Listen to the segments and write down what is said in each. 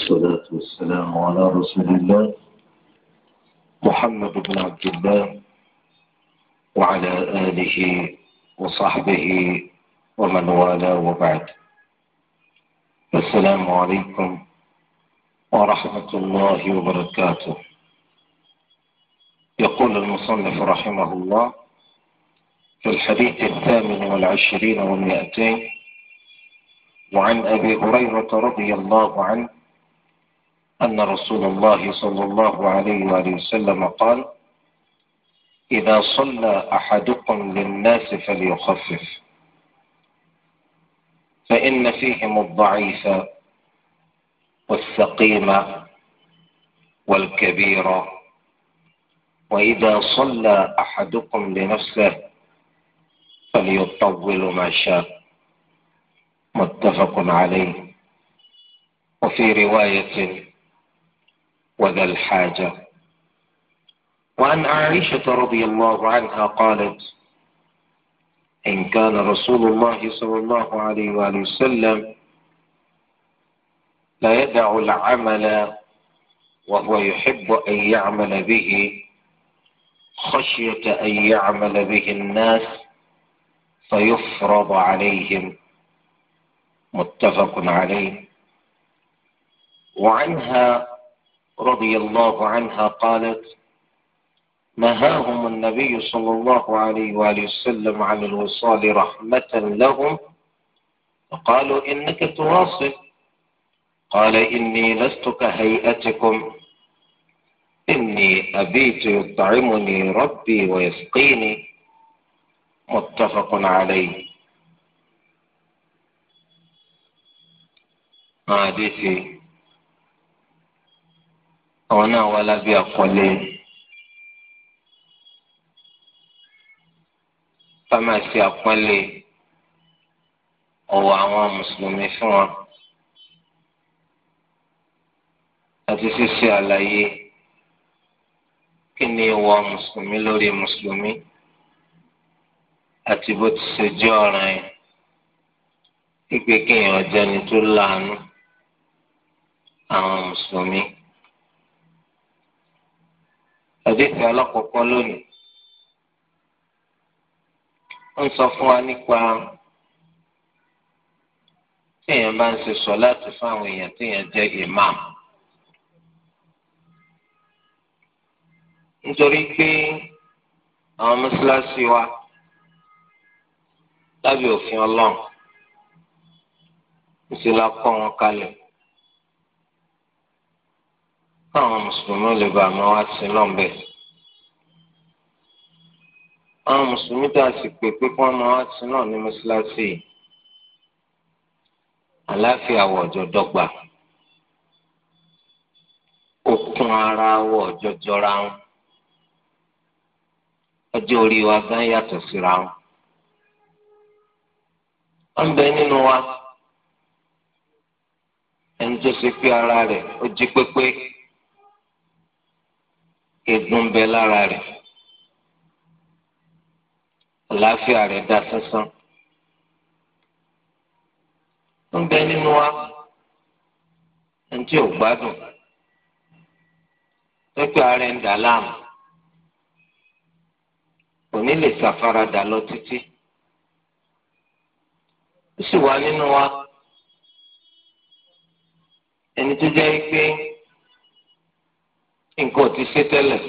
والصلاة والسلام على رسول الله محمد بن عبد الله وعلى آله وصحبه ومن والاه وبعد السلام عليكم ورحمة الله وبركاته يقول المصنف رحمه الله في الحديث الثامن والعشرين والمئتين وعن أبي هريرة رضي الله عنه أن رسول الله صلى الله عليه وآله وسلم قال إذا صلى أحدكم للناس فليخفف فإن فيهم الضعيف والسقيم والكبير وإذا صلى أحدكم لنفسه فليطول ما شاء متفق عليه وفي رواية وذا الحاجة وعن عائشة رضي الله عنها قالت إن كان رسول الله صلى الله عليه وآله وسلم لا يدع العمل وهو يحب أن يعمل به خشية أن يعمل به الناس فيفرض عليهم متفق عليه وعنها رضي الله عنها قالت نهاهم النبي صلى الله عليه وآله وسلم عن الوصال رحمة لهم فقالوا إنك تواصل قال إني لست كهيئتكم إني أبيت يطعمني ربي ويسقيني متفق عليه حديثي àwọn náà wà lábẹ́ àkọlé fámásì àpọ́nlé ọ̀wọ̀ àwọn mùsùlùmí fún wọn àti ṣíṣe àlàyé kí ni ìwọ mùsùlùmí lórí mùsùlùmí àti bó ti ṣe jẹ́ ọ̀ràn yẹn pípé kéèyàn jẹ́ni tó láàánú àwọn mùsùlùmí àdéhùn alákọ̀ọ́kọ́ lónìí ń sọ fún wa nípa tí èèyàn bá ń ṣe sọ láti fún àwọn èèyàn tí jẹ́ imam. nítorí pé àwọn mọ́ṣáláṣí wa lábẹ́ òfin ọlọ́run ń ṣe la wọn kalẹ̀. káwọn mùsùlùmí lè bá àmọ́ wá sí lọ́nbẹ̀. àwọn mùsùlùmí tá a sì pè pé kí wọ́n máa wá sí náà ní àláfíà wọ̀ ọ̀jọ̀ dọ́gba okun ara wọ̀ ọ̀jọ̀ jọra wọn ọjọ́ orí wa gan yàtọ̀ síra wọn. wọ́n bẹ wa ẹni tó ṣe pé ara rẹ̀ ó jí pépé. egun bẹ lára rẹ̀ àlàáfíà rẹ̀ dá sánsán ń bẹ nínú wa ẹni tí ò gbádùn pẹpẹ ara ń dà láàmú kò ní lè ṣàfaradà lọ títí ó sì wà nínú wa ẹni tó jẹ́ pé nǹkan ò ti ṣe tẹ́lẹ̀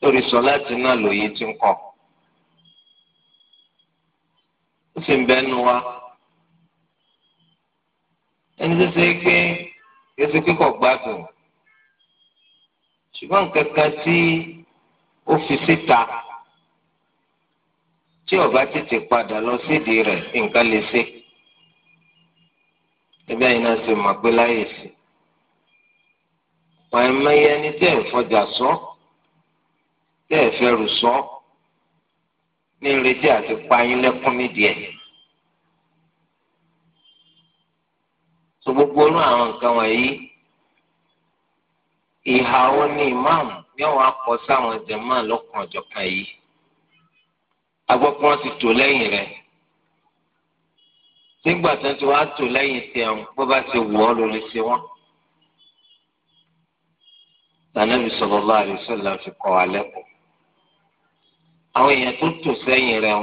lórí sọ láti náà lòye ti ń kọ́ ó sì ń bẹ́nu wa ẹni tó ṣe pé ètò kíkọ̀ gbádùn ṣùgbọ́n nǹkan kan tí ó fi síta tí ó tètè padà lọ sídìí rẹ̀ nǹkan lè ṣe ẹgbẹ́ yìí náà ṣe mọ̀ pé láyè sí i àìmọye ẹni tẹ́ ẹ̀ fọjà sọ tẹ́ ẹ̀ fẹ́rù sọ ní ìrètí àti payín lẹ́kún nídìí ẹ̀. so gbogbo orú àwọn nǹkan wọ̀nyí ìhà ó ní ìmáàmù ní àwọn akọ sáwọn jẹ̀mọ́ lọ́kàn ọ̀jọ̀kan yìí agbọ́ pé wọ́n ti tò lẹ́yìn rẹ̀ nígbà tó ń ti wá tò lẹ́yìn tiẹ̀ bó bá ti wù ọ́ lórí sí wọn lànàbì sallallahu alaihi wasallam fi kọ́ alẹ́ kù. àwọn èèyàn tó tò sẹ́yìn rẹ̀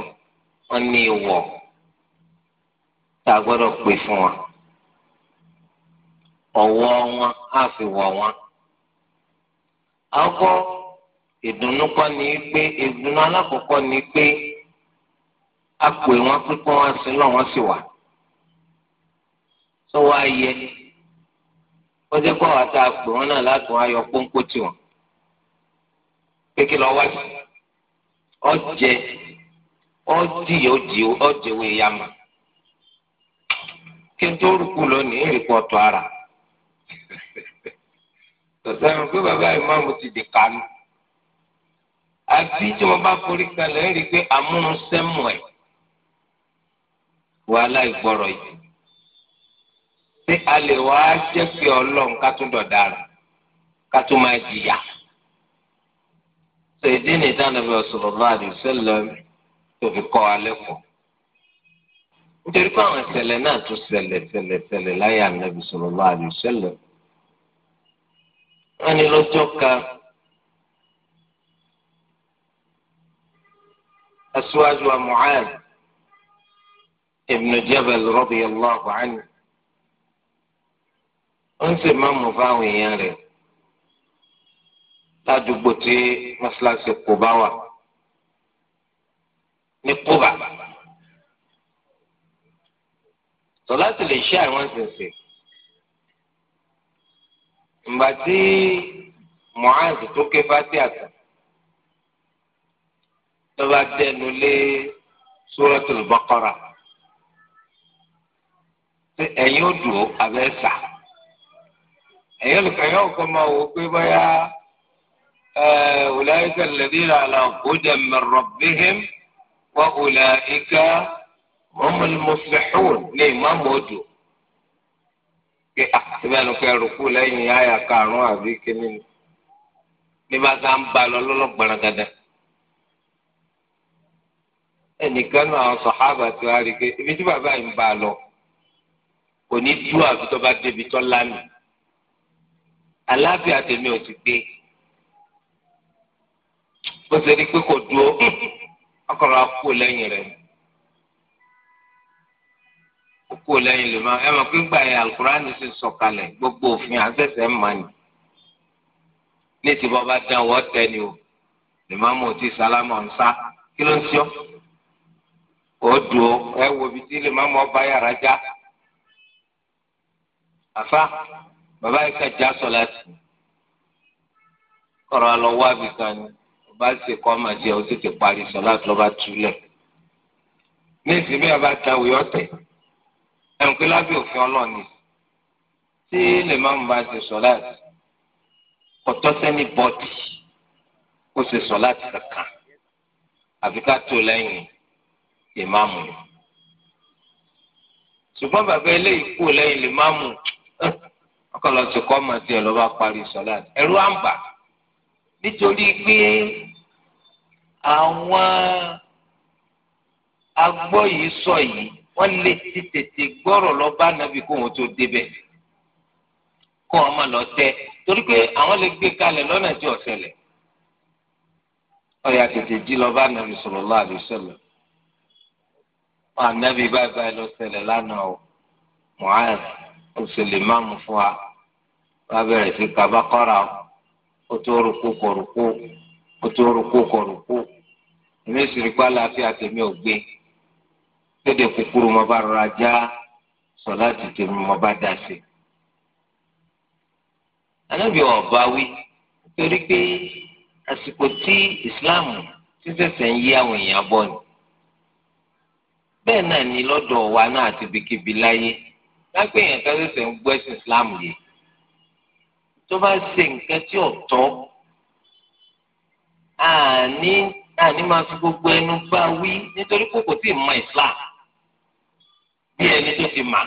wọ́n ní ìwọ̀ tá a gbọ́dọ̀ pè fún wa. ọ̀wọ́ wọn á fi wọ̀ wọn. àkọ́ ìdùnnú kọ́ ni pé ìdùnnú alákọ̀ọ́kọ́ ni pé a pè wọ́n pípọ́n wá sí lọ́wọ́ sí wa. sọ wá yẹ ni wọ́n jẹ́ kó àwọn àti àpò wọn náà láti wọn ayọ̀ pọ́ńpọ́ tì wọ́n kéèké lọ wá sí ọ̀jẹ̀ ọ̀dìyẹ ọ̀dìyẹ ọ̀jẹ̀wé yamà kí n tó rúkú lónìí ìrìkọ́ ọ̀tọ̀ ara tọ̀sán pé bàbá ìmáàmù ti di kánú àbí tí wọ́n bá forí kalẹ̀ ń rí i pé àmúnusẹ́mù ẹ̀ wàhálà ìgbọ́rọ̀ yìí ṣé a lè wá jẹ́ pé ọlọ́run ká tún dọ̀dà rẹ̀ ká tún máa jìyà. ṣe ìdí ni ìdánilẹ́bí sallallahu alaihi wasallam tó fi kọ́ alẹ́ kọ́. nítorí pé àwọn ìṣẹ̀lẹ̀ náà tún ṣẹlẹ̀ ṣẹlẹ̀ ṣẹlẹ̀ láyé ànábì sallallahu alaihi wasallam. wọ́n ní lọ́jọ́ kan aṣíwájú Mu'adh ibn Jabal radiyallahu anhu ó ń ṣe máàmù fáwọn èèyàn rẹ̀ ládùúgbò tí mọ́ṣáláṣí kò bá wà ní kóbà sọlá ti lè ṣe àwọn ṣèṣe ìgbà tí Mu'az tó ké fati àtà lọba dẹnu lé Suratul Baqara ẹ̀yin ó dùn abẹ́ sà ẹ̀yọ́ lùkà yọ̀ kọ́ máa wò pé báyà ọ̀làyíkà lẹ́dínà àlàkójà mẹ́rọ̀bíhìm wà ọ̀làyíkà mọ́mọ́lùmọ́fẹ́hùn ní ìmáàmù odò. pé àtìmẹ́nu ah, kẹ́ rúkú lẹ́yìn àyà karùn-ún àbí kíní ni bí bá ká ń ba lọ lọ́lọ́gbọ̀nà dandan. ẹnìkan náà àwọn sọ̀hábà ti wá rí i pé ibi tí bàbá yìí ń ba lọ kò ní dúró àbí bá débi tó lánàá aláàbíà tèmi ò ti gbé bó ṣe rí pé kò dúró ọkọ̀rọ̀ akó lẹ́yìn rẹ̀ kó lẹ́yìn lè ẹ mọ̀ pé gbà yẹn alukur'an ti sọ̀kalẹ̀ gbogbo òfin àfẹsẹ̀ ń mọ̀ ni ní ti bọ́ bá dán wọ́ tẹ ni o lè má mọ̀ tí sálámà ń sá kí ló ń sọ ó dùn ẹ wo ibi tí lè má mọ̀ yàrá já àfa bàbá yìí kàjá sọ láti kọ̀rọ̀ lọ wá bí kan ni bàbá ṣe kọ́ máa jẹ́ o tètè parí sọ láti lọ́ba túlẹ̀ ní ìsinmi bàbá ta òye ọ̀tẹ̀ ẹ̀hún pé lábẹ́ òfin ọlọ́ọ̀ni tí lè má mú bá ṣe sọ láti ọ̀tọ́ sẹ́ni bọ́ọ̀dì ó ṣe sọ láti kankan àfi ká tó lẹ́yìn ìmáàmù ṣùgbọ́n bàbá eléyìí kú lẹ́yìn lè má mú ọkọlọ ti kọ́ ọmọ tiẹ̀ lọ́ba parí sọ́lá ẹ̀rú àǹbà nítorí pé àwọn agbọ́ yìí sọ yìí wọ́n lè ti tètè gbọ́rọ̀ lọ́ba nàbí kó wọn tó débẹ̀ kó wọn má lọ tẹ́ torí pé àwọn lè gbé kalẹ̀ lọ́nà tí ọ̀sẹ̀lẹ̀ ọ̀yà tètè jí lọ́ba nàbí sallallahu alaihi wasallam wọn ànábì báyìí báyìí lọ́sẹ̀lẹ̀ lánàá o mọ̀ọ́yà òṣèlè máàmù fún wa wàá bẹ̀rẹ̀ sí kaba kọ́ra ó tó rúkú kọ̀rùkú ó tó rúkú kọ̀rùkú èmi sìrì pa láàfin àtẹ̀mí ògbé kéde kúkúrú mo bá rọra já sọlá tètè mo bá dá sí i. anábì wí torí pé àsìkò tí ìsìláàmù ti ṣẹ̀ṣẹ̀ ń yí àwọn èèyàn bọ̀ ni bẹ́ẹ̀ náà ni lọ́dọ̀ wa náà àti bìkìbì láyé lápẹ́ èèyàn kan ń gbọ́ ìsìláàmù yìí tó bá ṣe nǹkan tí ò tọ́ àní àní máa fi gbogbo ẹnu bá wí nítorí pé kò tí ì mọ Islam bí ẹni tó ti mà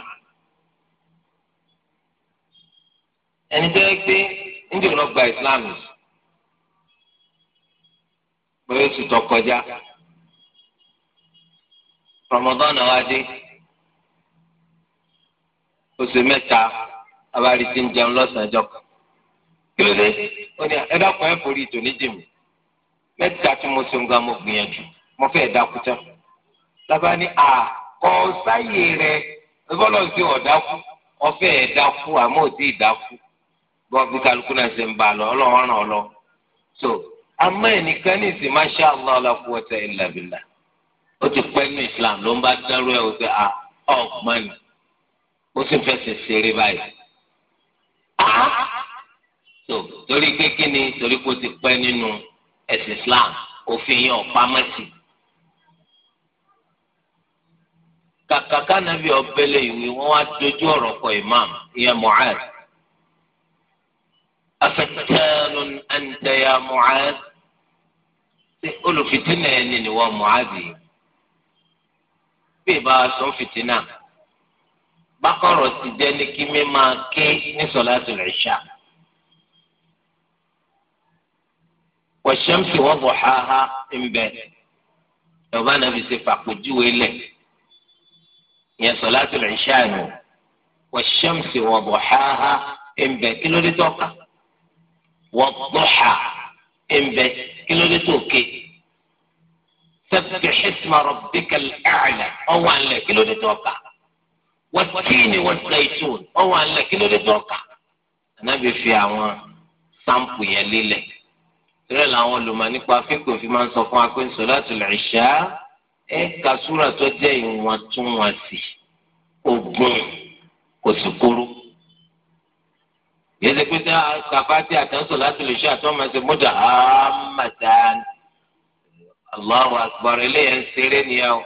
ẹni tó yẹ pé ndí òun gba Islam bóyá oṣù tó kọjá Ramadan náà wá dé oṣù mẹ́ta abárí ti ń jẹun lọ́sàn-án jọkàn kí ló dé ó ní ẹ dákun ẹ forí ìtò níjì mi mẹ́ta tí mo ṣe ń ga mo gbìyànjú mo fẹ́ dákú tán lábá ní à kọ sáyè rẹ bọ́lá ń ṣe ọ̀dákú ọfẹ́ ẹ̀dákú àmọ́ òtí ìdákú gbọ́bí kálukú náà ṣe ń bá a lọ ọlọ́run ràn ọ lọ so àmọ́ ẹnìkan ní ìsìn masha allah la quwwata illa billah ó ti pẹ́ ní islam ló ń bá dárú ẹ̀ wọ́n pé à ọ̀gbọ́n ni ó sì fẹ́ ṣe ṣeré báyìí so torí kékeré ni torí kó ti pẹ́ nínú ẹ̀sìn Islam òfin yẹn ọ̀pámẹ́sì. kàkà kánàbí ọ̀bẹ́lẹ̀ ìwé wọn wá dojú ọ̀rọ̀ kọ imam ìyẹn Mu'adh. afatanun anta ya Mu'adh ṣe olùfitínà ẹni nìwọ Mu'adh yìí. bí ìbá sọ fìtínà bákọ̀rọ̀ ti jẹ́ ní kí mi máa ké ní sọ̀látùl ìṣà. wọ̀ṣẹ́mùsì wọ́n bọ̀ háhá ń bẹ yorùbá nàbì ṣe fàpèjúwe lẹ̀ ìyẹn sọ láti rìn ṣáàyàn wọ̀ṣẹ́mùsì wọ́n bọ̀ háhá ń bẹ kí ló dé tọ́ka wọ́n bọ̀ há ń bẹ kí ló dé tòkè sẹ́fẹ̀ ṣẹ́sìmọ̀ rọ̀bìkà àlẹ́ ọwọ́ àlẹ́ kí ló dé tọ́ka wọ́n tíìnì wọ́n zaitun ọwọ́ àlẹ́ kí ló dé tọ́ka nàbì fi àwọn sáǹpù yẹn lílẹ̀ tẹ́lẹ̀ làwọn olùmọ̀ nípa fíkò fi máa ń sọ fún wa pé sọ̀láàtù ìṣá ẹ̀ ka súrà tó jẹ́ ìwọ̀ntúnwọ̀nsì ogun kò sì kúrú. yẹ́sẹ̀ pé tá a kàfá tí àtẹ̀sọ̀ láti lè ṣe àtọ́mọ̀ ṣe mọ́tò àmàtàn Allahu akbar eléyẹ̀ ṣeré nìyẹn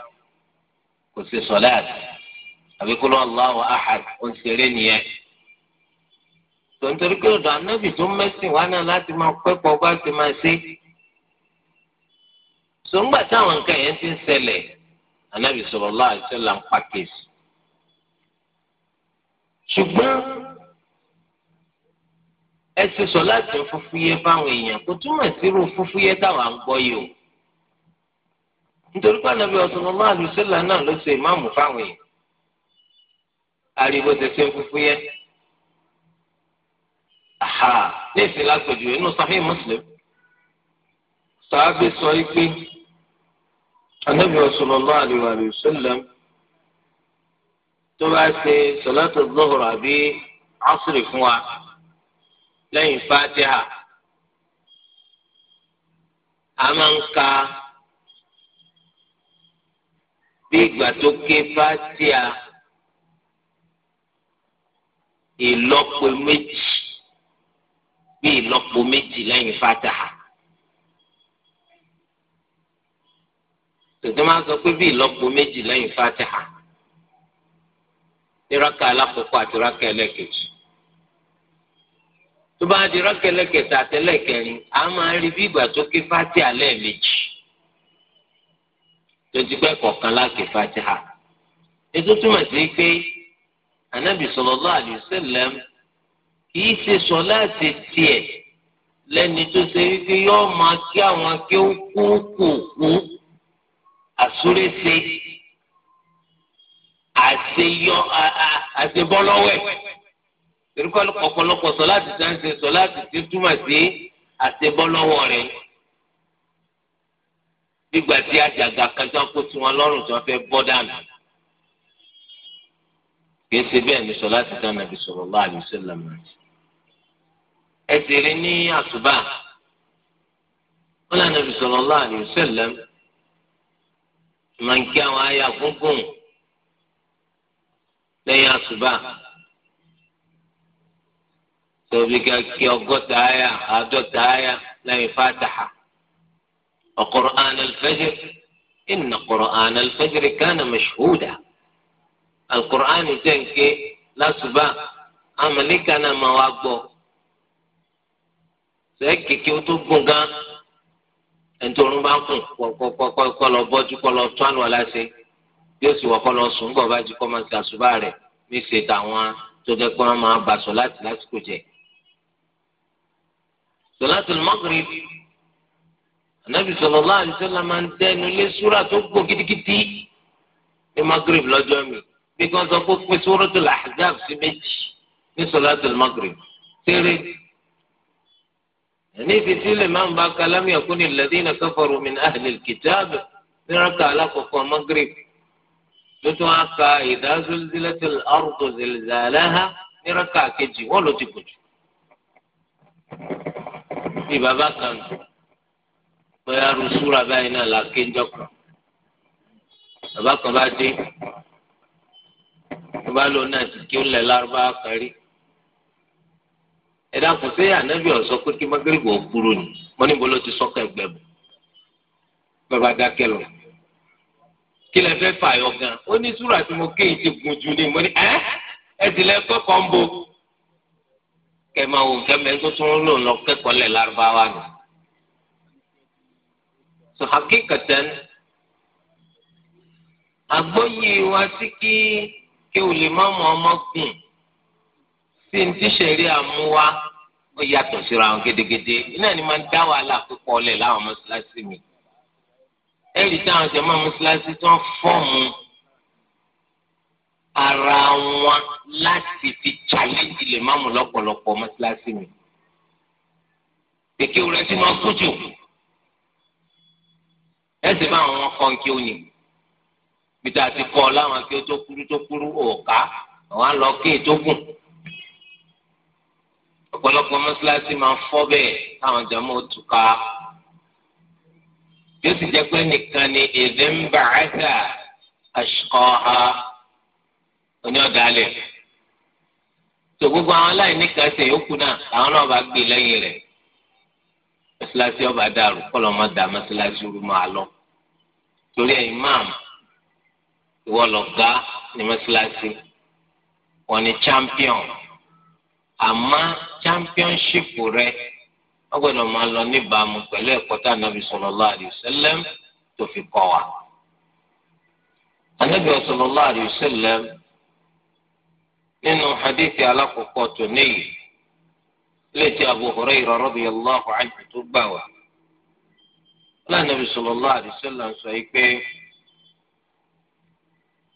kò sí sọ̀láàtì àbíkúlọ̀ Allahu ahad ń ṣeré nìyẹn tontori pé ọ̀dọ̀ anábì tó mẹ́sìn wá náà láti máa pẹ́pọ̀ bá ti máa ṣe. sọ̀ngbà táwọn nǹkan yẹn ti ń ṣẹlẹ̀ anábì sallallahu alaihi wasallam ń pa kéésì. ṣùgbọ́n ẹ ti sọ láti fúfúyẹ́ fáwọn èèyàn kò túmọ̀ sírú fúfúyẹ́ táwọn à ń gbọ́ yìí o. nítorí pé anábì sallallahu alaihi wasallam náà ló ṣe ìmáàmù fáwọn èèyàn. ariwo ti ṣe fúfúyẹ́ aha ní ìsìlá pẹ̀jù inú Sahih Muslim sàábì sọ pé anábì sallallahu alaihi wa sallam tó bá ṣe sọ̀látò zuhur àbí asri fún wa lẹ́yìn fatiha a máa ń ka bí ìgbà tó ké fatiha ìlọ́po méjì. bí ìlọ́po méjì lẹ́yìn fataha. tòtò máa sọ pé bí ìlọ́po méjì lẹ́yìn fataha ní rákà alákòókò àti rákà tó bá di rákà a kìí ṣe sọ láti tiẹ̀ lẹ́ni tó ṣe wípé yóò máa kí àwọn akéwù kúrúkùkù àsúréṣe àṣeyọ àṣebọ́lọ́wẹ̀ torúkọ ọ̀pọ̀lọpọ̀ sọ láti ṣe ń ṣe sọ láti ṣe túmọ̀ sí àṣebọ́lọ́wọ́ rẹ̀ nígbà tí àjàgà kan tó kó tiwọn lọ́rùn tó fẹ́ bọ́ dànù. kìí ṣe bẹ́ẹ̀ ní sọ láti tán nàbì sallallahu alaihi wasallam ẹ sì rí ní àtúbà wọn lànà nàbì sallallahu alaihi wasallam máa ń kí àwọn àyà gúngùn lẹ́yìn àtúbà tóbi ká kí ọgọ́ta àyà àádọ́ta àyà lẹ́yìn fàtàhà ọ̀kọ̀rọ̀ àná al-fajr inna Qur'an al-fajr kana mashhuda. alukur'ani tẹ̀ ń ké lásùbà amalika náà máa wá gbọ́ sọ kéke ó tó gùn gan ẹnitorun bá ń kùn kọkọkọ lọ bọ́jú kọ lọ tún àlọ́ aláṣẹ yóò sì wọ́pọ̀ lọ sùn bọ̀ bá jí kọ́ máa ṣe àṣùbà rẹ̀ ní ṣe tàwọn tó jẹ́ pé wọ́n máa bí kan sọ pé pín suratul ahzab sí méjì ní solatul maghrib tẹ́rẹ́ ní ìfisílẹ̀ máa ń bá kalam yakuni alladhina kafaru min ahlil kitab níraka alákọ̀ọ́kọ́ maghrib tó tún á ka idha zulzilatil ardu zilzalaha níraka kejì wọ́n ló ti gùn jù bí baba kan bóyá rusúra báyìí náà la kéńjọ kan baba kan bá dé. tó bá lò náà sì kí ó lẹ̀ lárúbáwá kan rí ẹ̀dá kò sí ànábì ọ̀sọ́ pé kí mọ́gẹ́rìbò kúrò ní mọ́ níbo ló ti sọ́kọ̀ ẹgbẹ́ bò bàbá dákẹ́ lọ kí lẹ fẹ́ fàyọ gan ó ní súrà tí mo kéyìí ti gùn jù ní mo ní ẹ́ ẹ ti lẹ kọ́kọ́ ń bo kẹmà wò kẹmẹ tó tún lò lọ kẹ́kọ̀ọ́ lẹ̀ lárúbáwá nù sọ hakíkatẹ́ni agbóyin wa sí kí kéwù lè má mú ọmọ gùn sí ní tíṣẹ̀rí àmúwá ó yàtọ̀ síra àwọn gédégédé iná ni máa ń dá wàhálà púpọ̀ ọ̀lẹ̀ láwọn mọ́ṣáláṣí mi ẹ̀rí táwọn jẹ̀mọ́ mọ́ṣáláṣí tó ń fọ́ọ̀mù ara wọn láti fi challenge lè má mú lọ́pọ̀lọpọ̀ mọ́ṣáláṣí mi kékeré rẹ̀ sì máa kú jù ẹ̀sìn bá àwọn kan kí ó yìn peter àti kọ́ láwọn kí ó tó kúrú tó kúrú òòká àwọn àlọ́ kí ètò gùn ọ̀pọ̀lọpọ̀ mọ́ṣáláṣí máa ń fọ́ bẹ́ẹ̀ táwọn jàmọ́ ò túká yóò sì jẹ́ pé nìkan ni èdè ń bà á sà àṣùkọ́ ha oní ọ̀dàlẹ̀ tó gbogbo àwọn aláìní kan ṣe yòókù náà àwọn náà bá gbé lẹ́yìn rẹ̀ mọ́ṣáláṣí ọba dàrú kọ́lọ́ mọ́ da mọ́ṣáláṣí rú máa lọ torí ẹ̀ ìmáàmù. ìwọ lọ̀gá ní mọ́sálásí wọ́n ní champion àmọ́ championship rẹ wọ́n gbọ́dọ̀ máa lọ níbàámu pẹ̀lú ẹ̀kọ́ tá ànábì sallallahu alaihi wasallam tó fi kọ́ wa. ànábì sallallahu alaihi wasallam nínú hadithi alákòókò tó níyì létí Abu Hurayra radiyallahu anhu tó gbà wá. lánàbì sallallahu alaihi sọ yìí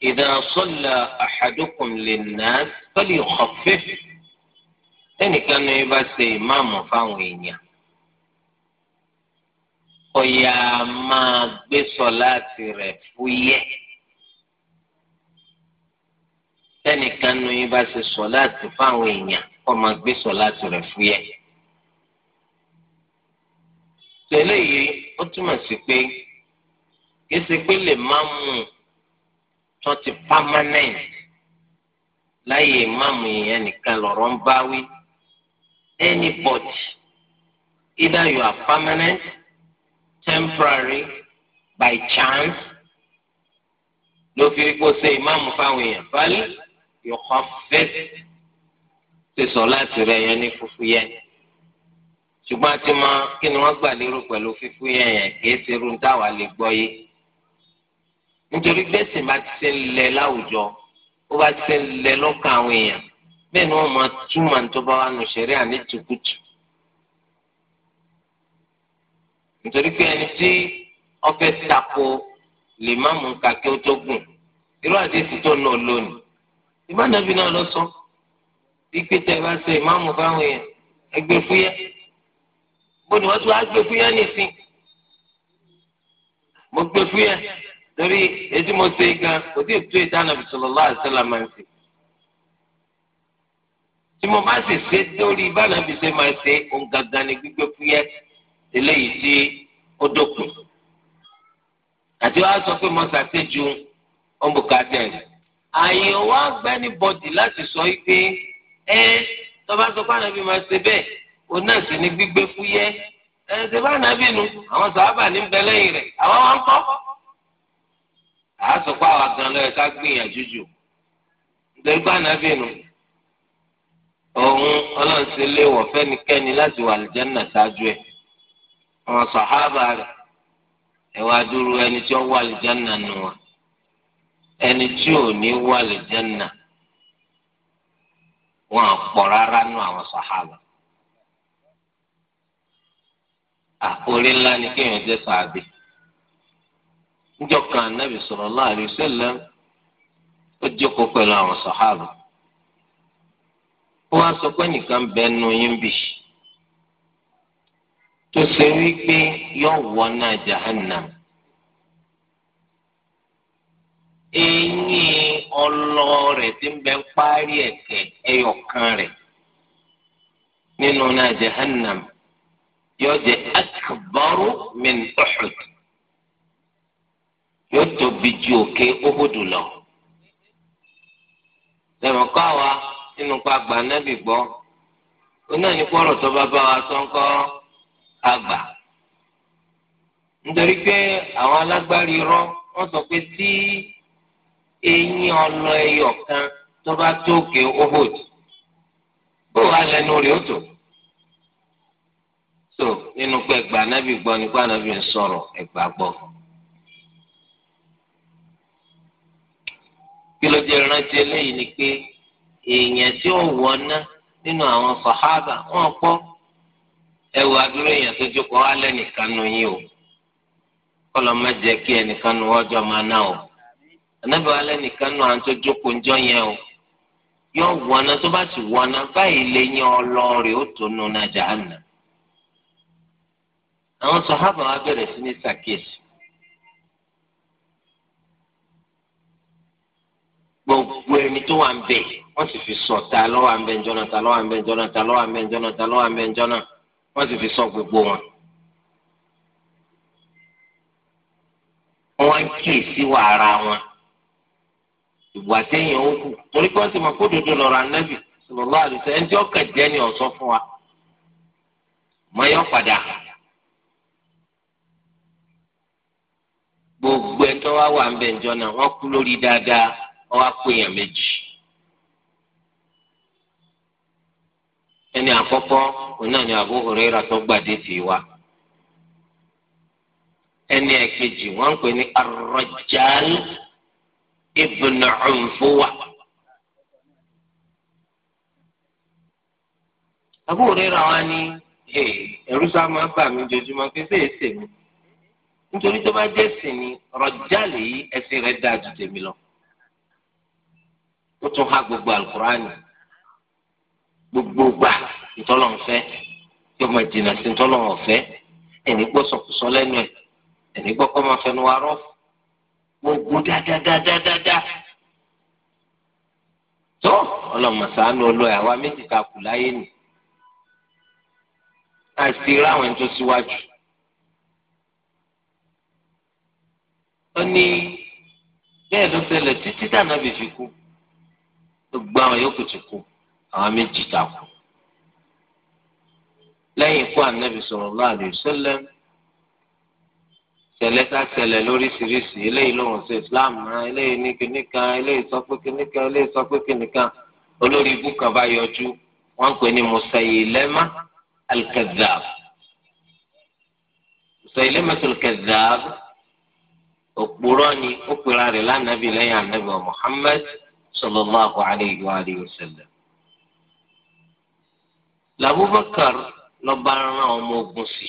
إذا صلى أحدكم للناس فليخفف ẹnìkan ní bá ṣe ìmáàmù fáwọn èèyàn ọ̀yà máa gbé sọ̀láàtì rẹ̀ fúyẹ́ ẹnìkan ní bá ṣe sọ̀láàtì fáwọn èèyàn kọ́ máa gbé sọ̀láàtì rẹ̀ fúyẹ́ tẹ̀lé yìí ó túmọ̀ sí pé kí ṣe pé lè máa mú un tó ti permanent láyé ìmáàmù yẹn nìkan lọ̀rọ̀ ń bá wí anybody either you are permanent temporary by chance ló fi kó ṣe ìmáàmù fáwọn èèyàn báyìí yóò kọ́ fẹ́ẹ́ ṣe sọ láti rẹ̀ yẹn ní fúfú yẹn ṣùgbọ́n àti mọ kí ni wọ́n gbà lérò pẹ̀lú fífú yẹn yẹn kì í ṣe irú táwa lè gbọ́ yìí nítorí bẹ́sìn bá ti ṣe ń lẹ láwùjọ ó bá ti ṣe ń lẹ lọ́kàn àwọn èèyàn bẹ́ẹ̀ ni wọ́n máa túmọ̀ tó bá wà nù sẹ́rí àní tùkùtù. nítorí pé ẹni tí wọ́n fẹ́ tako lè má mú nǹkan kí ó tó gùn irú àdéhùn tó nà lónìí ìbánabí náà lọ sọ ìpè tẹ bá ṣe ìmáàmù fáwọn èèyàn ẹgbẹ́ fúyẹ́ bó ni wọ́n tún á gbé fúyẹ́ nìsín mo gbé fúyẹ́ torí ètí mo ṣe gan kò tí ì tó ètò ànábì sallallahu alaihi wasallam máa ń ṣe tí mo bá sì ṣe torí bánàbì ṣe máa ṣe òun gangan ni gbígbé fúyẹ́ eléyìí tí ó dókun àti wàá sọ pé mo ṣàṣejù ọmọkàtà rẹ àyẹ̀wò agbẹ́ni bọ́dì láti sọ pé ẹ tọ́ba sọ pé ànábì máa ṣe bẹ́ẹ̀ òun náà sì ni gbígbé fúyẹ́ ẹ ṣe bá ànábì nu àwọn sàábà ní àásùpá wa gan lọ́yẹ ká gbìyànjú jù nítorí bá nàbì nù òun ọlọ́run ṣe lé wọ̀ fẹ́nikẹ́ni láti wà àlùjánnà ṣáájú ẹ̀ àwọn sàhábà rẹ̀ ẹ̀wà dúró ẹni tí ó wà àlùjánnà nù wọn ẹni tí ò ní wà àlùjánnà wọn à rárá nù àwọn sàhábà. àkórí ńlá ni kéèyàn jẹ́ sàábì. níjọ́ kan anabi sallallahu alaihi wasallam ó jókòó pẹ̀lú àwọn sàhábà ó wá sọ pé nìkan bẹ nu yín bì tó ṣe wípé yóò wọ jahannam eyín ọlọ rẹ̀ jahannam yóò tóbi ju òkè óbòdù lọ. lẹ́mọ̀ kọ́ wa nínú pa àgbà nábì gbọ́ ó náà ní pọ́rọ̀ tó bá bá wa sọ́ńkọ́ àgbà. nítorí pé àwọn alágbárí rọ wọ́n sọ pé tí eyín ọlọ ẹyọ kan tó bá tó òkè óbòdù bó wàá lẹnu rẹ̀ ó tó so nínú pé ẹgbàá nábì gbọ́ nípa nábì ń sọ̀rọ̀ ẹgbàá gbọ́ kí ló jẹ́ rántí eléyìí ni pé èèyàn tí ó wọná nínú àwọn sàhábà wọn pọ̀ ẹwà dúró èèyàn tó jókòó alẹ́ nìkan nù yín o kọlọ má jẹ́ kí ẹnìkan nù ọjọ́ máa ná o ànábì alẹ́ nìkan nù àwọn tó jókòó ńjọ́ yẹn o yóò wọná tó bá sì wọná báyìí lè yín ọlọ́ọ̀rẹ́ ó tó nu náà jahannam àwọn sàhábà wa bẹ̀rẹ̀ sí ní sàkíyèsí gbogbo ẹni tó wà ń bẹ sì fi sọ ta ló wà ń bẹ ńjọ́ ta wà ń bẹ fi sọ gbogbo wọn. wọ́n nke kíyèsí ara wọn ìgbà téèyàn ó kù torí pé wọ́n ti mọ̀ kó dodo anabi ẹni tí ó ni fún wa mọ yọ padà gbogbo wa wà ń bẹ wọn wá pé èèyàn méjì ẹni àkọ́kọ́ òun náà ni Abu esi tó gbàdé sí wa ẹni ẹ̀kejì wọ́n ń pè ní Ar-Rajjal ibn Unfuwa. wa ní ẹ̀rú sá máa bà mí jojúmọ́ pé bẹ́ẹ̀ sèmi nítorí tó bá jẹ́ sìn ni yìí ẹsẹ̀ rẹ̀ dáa ju tèmi ó tún há gbogbo alukurani gbogbo gbà ntọ́lọ́nfẹ́ yóò máa jìnnà sí ntọ́lọ́nfẹ́ ẹni gbọ́ sọ̀kùsọ lẹ́nu ẹ̀ ẹni gbọ́ kọ́ máa fẹnu wa rọ́ gbogbo dáadáadáadáa tó ọlọ́mọ sàánú olóyè àwa méjì ta kù láyé nì àti ráwọn ẹni tó síwájú. ó ní bẹ́ẹ̀ ló ṣẹlẹ̀ títí dáná bìí fi kú gbogbo àwọn yòókù ti kú àwọn méjì ta kú. lẹ́yìn ikú ànábì sallallahu alaihi wasallam tẹ̀lé tá tẹ̀lé lóríṣiríṣi eléyìí lòun ṣe islam náà eléyìí ní kìnnìkan eléyìí sọ pé kìnnìkan eléyìí sọ pé kìnnìkan olórí ibú kan bá yọjú wọ́n ń pè ní Musaylima al-Kadhdhab Musaylima al ni ó pera rẹ̀ lánàbì lẹ́yìn ànábì Muhammad. صلى الله عليه alihi وسلم. sallam. làbúbakar lọ́ba rán ọmọ ogun sí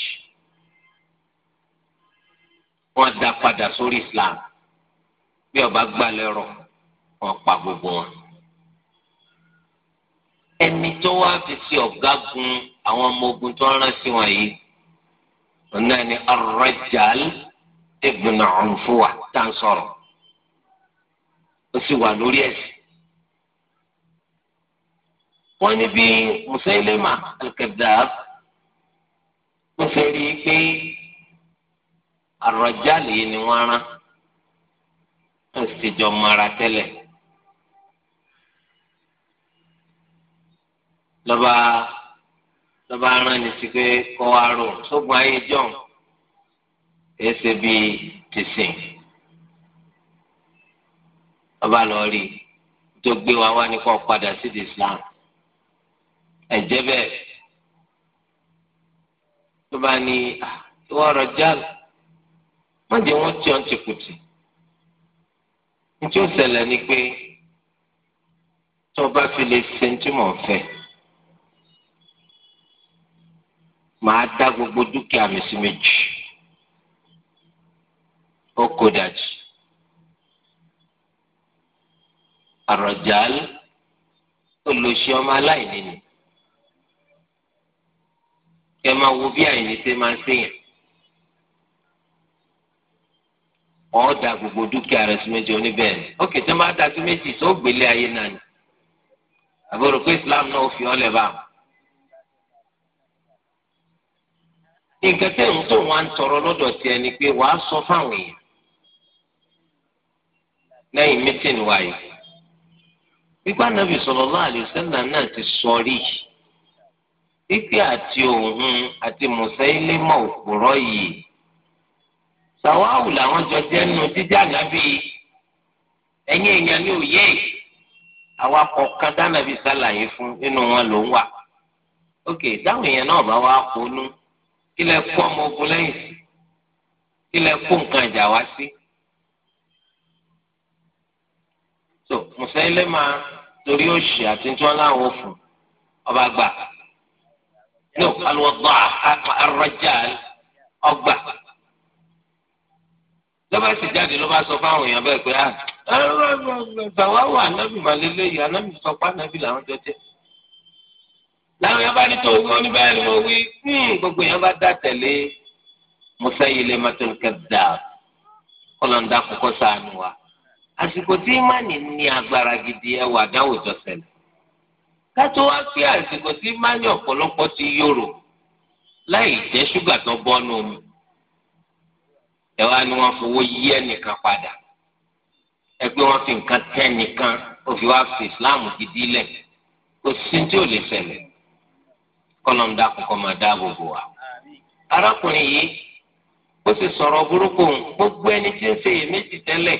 wọ́n dá padà sórí islam bí ọba gbalẹ̀rọ wọ́n pa gbogbo wọn. ẹni tó wá fi sí ọ̀gágun àwọn ọmọ ogun tó rán sí wọn yìí náà ni ar ibn Anfuwa tá à ń sọ̀rọ̀ ó sì wà lórí ẹ̀sìn wọ́n ní bí Musailima al-Kadhdhab ó ṣe rí i pé ar-Rajjal yìí ni wọ́n rán ó sì jọ mara tẹ́lẹ̀. lọ́ba lọ́ba rán ni sí pé kọ́ wa rò sógun ayé john èsè bíi tìsìn lọ́ba lọ rí i tó gbé wa wá ní kó padà sí di Islam ẹ̀jẹ̀ bẹ́ẹ̀ tó bá ní ìwọ ọ̀rọ̀ jáàlù má jẹ́ wọ́n tí ọ̀ ń tìkùtì ntí ó ni pé tó bá fi lè ṣe ntí mò ń fẹ́ màá dá gbogbo dúkìá mi sí méjì ó kó dájú àròjàl olùsí aláìní ni kẹ máa wo bí àyìnlẹ ṣe máa ń ṣèyàn ọ da gbogbo dúkìá rẹ sí méjì oníbẹ̀ẹ́ ókè tó máa da sí méjì tó Islam náà fi ọ́ lẹ̀ bá wọn. nǹkan tẹ̀ ń tó wọn tọrọ lọ́dọ̀ na ni pé wàá sọ fáwọn èèyàn lẹ́yìn mítìn wáyé pípa nàbì ti sọ rí pípé àti òun àti mùsẹ́lẹ́mọ̀ òpùrọ̀ yìí sàwáwù làwọn jọ jẹ́ nínú jíjẹ́ ànábì ẹ̀yìn èèyàn ní òye àwa kọ̀ọ̀kan dánàbí sàlàyé fún nínú wọn ló ń wà. ok táwọn èèyàn náà bá wá ponú kí lẹ kó ọmọ ogun lẹ́yìn sí kí lẹ kó nǹkan ìjà wá sí. so mùsẹ́lẹ́mọ̀ torí òṣì àti tí wọ́n láwọn ò fún ọba gbà yóò alùwàgbà arajal ọgbà lọ́ba sì jáde lọ́ba sọ fáwọn èèyàn bẹ́ẹ̀ pé bàwá wà ànábì màlélẹ́ yìí ànábì sọ pé ànábì làwọn jọ jẹ́ làwọn èèyàn bá ní tó wí oníbẹ̀rẹ̀ ni mo wí gbogbo èèyàn bá dá tẹ̀lé musa yìí lè máa tó kẹ́dà kọ́lọ́ńdà kọ́kọ́ sáà wa àsìkò tí ìmánì ní agbára gidi ẹwà dáwò jọ kátó wá pé àsìkò tí mání ọ̀pọ̀lọpọ̀ ti yòrò láì jẹ́ ṣúgà tó bọ́nu mu ẹ wá ní wọ́n fowó yí ẹnìkan padà ẹ pé wọ́n fi nǹkan tẹ́ nìkan ó fi wá fi Islam gidi lẹ̀ kò sí tí ò lè ṣẹlẹ̀ kọ́nà ń dákun kọ́ máa dáàbò bò wá. arákùnrin yìí ó sì sọ̀rọ̀ burúkú gbogbo ẹni tí ń ṣe iyèméjì tẹ́lẹ̀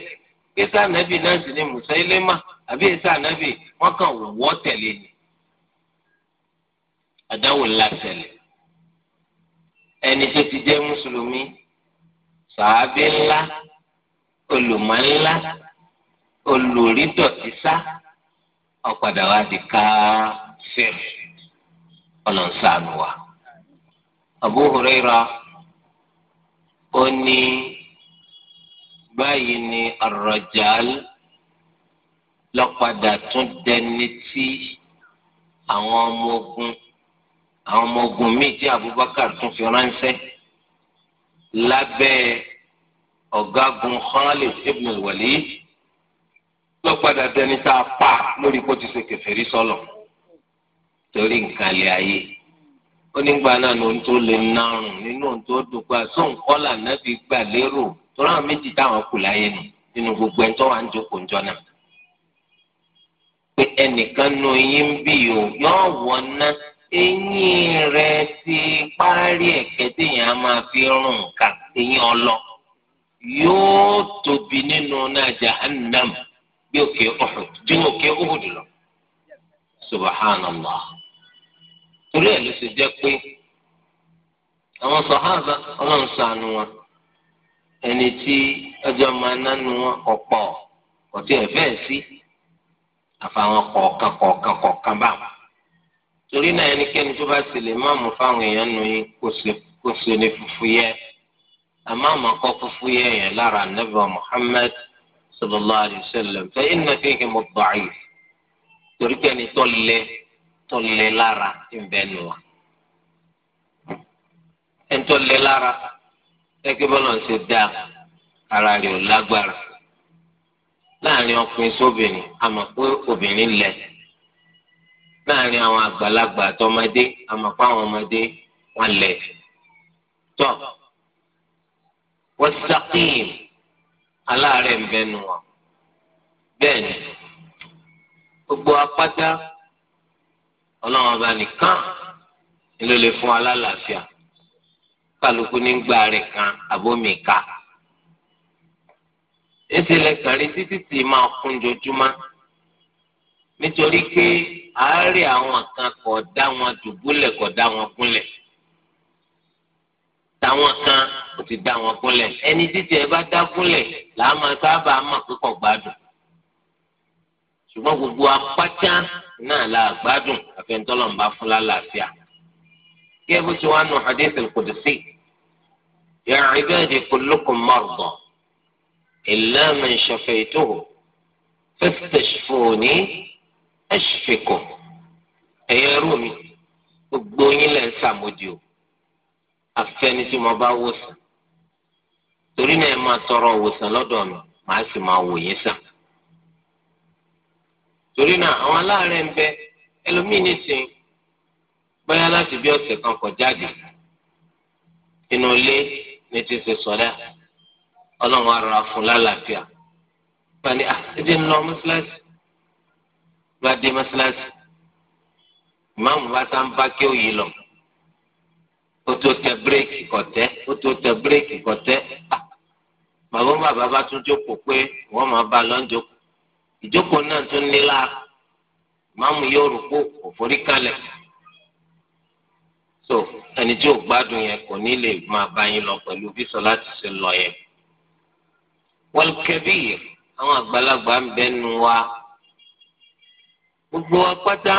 pé sáà nàbì náà sì ni mùsà ilé mà àbí èsà nàbì wọ́n kàn wọ́ tẹ̀lé ni àdáwò ńlá ṣẹlẹ̀ ẹni tó ti jẹ́ mùsùlùmí sàábé ńlá olùmọ̀ ńlá olùrídọ̀tí sá ọ̀padà wa di káfíìrì ọlọ́nsàánù wa. Abu Huraira ó ní báyìí ni ar lọ́padà tún dẹni tí àwọn ọmọ ogun àwọn ọmọ ogun míì tí Abubakar tún fi ránṣẹ́ lábẹ́ ọ̀gágun Khalid ibn Walid ló padà dẹni tá a pa lórí kó ti ṣe kèfèrí sọlọ torí nǹkan lè ayé ó nígbà náà ní ohun tó lè narùn nínú ohun tó dùnkọ́ àsóǹkọ́là náà fi gbà lérò tó ráwọn méjì táwọn kù láyé nù nínú gbogbo ẹni tó wà ń jókòó ń jọ pé ẹnìkan nu yín bí o yóò wọ náà. eyín rẹ ti párí ẹ̀kẹ́ téèyàn á máa fi rún nǹkan eyín ọlọ yóò tóbi nínú náà jahannam bí òkè Uhud bí òkè lọ subhanallah torí ẹ̀ ló ṣe pé àwọn wọn ẹni tí máa nánu wọn torí náà ẹnikẹ́ni tó bá sì lè má mú fáwọn èèyàn nù yín kó ṣe ní fufu yẹ àmọ́ àmọ́ kọ́ fufu yẹ yẹn lára anabi muhammed sallallahu alayhi wa sallam fa inna fihi mud'if torí kẹ́ni tó lé tó lé lára ń bẹ́ nù wá ẹni lára ẹgbẹ́ bọ́lá ń ṣe dá ara rẹ̀ ò lágbára láàrin ọkùnrin sóbìnrin àmọ́ pé obìnrin lẹ̀ láàrin àwọn àgbàlagbà àtọmọdé àmọ̀pá àwọn ọmọdé wọn lẹ̀ tọ́ wọ́n sàkíyìn aláàárẹ̀ ń bẹnu wọn bẹ́ẹ̀ ni gbogbo apáta ọlọ́run ọba nìkan ni ló lè fún alálàáfíà kálukú nígbà rẹ̀ kan àbómìíka ètò ilẹ̀ kàrí títí tí máa kún jojúmọ́ nítorí pé àárẹ̀ àwọn kan kò dá wọn dùbúlẹ̀ kò dá wọn gúnlẹ̀ táwọn kan kò ti dá wọn gúnlẹ̀ ẹni títí ẹ bá dá gúnlẹ̀ làá máa sábà mọ̀ pé kò gbádùn ṣùgbọ́n gbogbo apáta náà la gbádùn àfẹnutọ́lọ́mùbá fún lálàáfíà kí ẹ bó ti wá nù hadith al-qudsi ya ibadi kullukum marda illa man shafaytuhu fastashfuni ẹ̀ṣẹ̀kọ̀ ẹ̀yẹ ẹrú mi gbogbo yín lẹ̀ ń sàmódì o afẹ́ni tí mo bá wòsàn torí náà ẹ máa tọrọ wòsàn lọ́dọ̀ mi màá sì máa wò yín sàn torí náà àwọn aláàárẹ̀ ń bẹ ẹlòmíì nísìnyí bóyá láti bí ọ̀sẹ̀ kan kọ̀ jáde inú ilé ní ti ṣe sọ̀dá ọlọ́run ara fún lálàáfíà wọn ni àti ẹ̀jẹ̀ ń lọ bá dé mọ́sálásí ìmáàmù bá sá ń bá kí òye lọ ó tó tẹ bírèkì kọ̀tẹ́ ó tó tẹ bírèkì kọ̀tẹ́ bàbá bàbá bá tún jókòó pé wọ́n máa bá lọ́njọ́ ìjókòó náà tún nílá ìmáàmù yóò rò pé òfòrí kalẹ̀ so ẹni tí ò gbádùn yẹn kò ní lè máa bá yín lọ pẹ̀lú bí sọlá ti ṣe lọ yẹn wọ́n kẹ́bí àwọn àgbàlagbà ń bẹ́nu wa gbogbo wọn pátá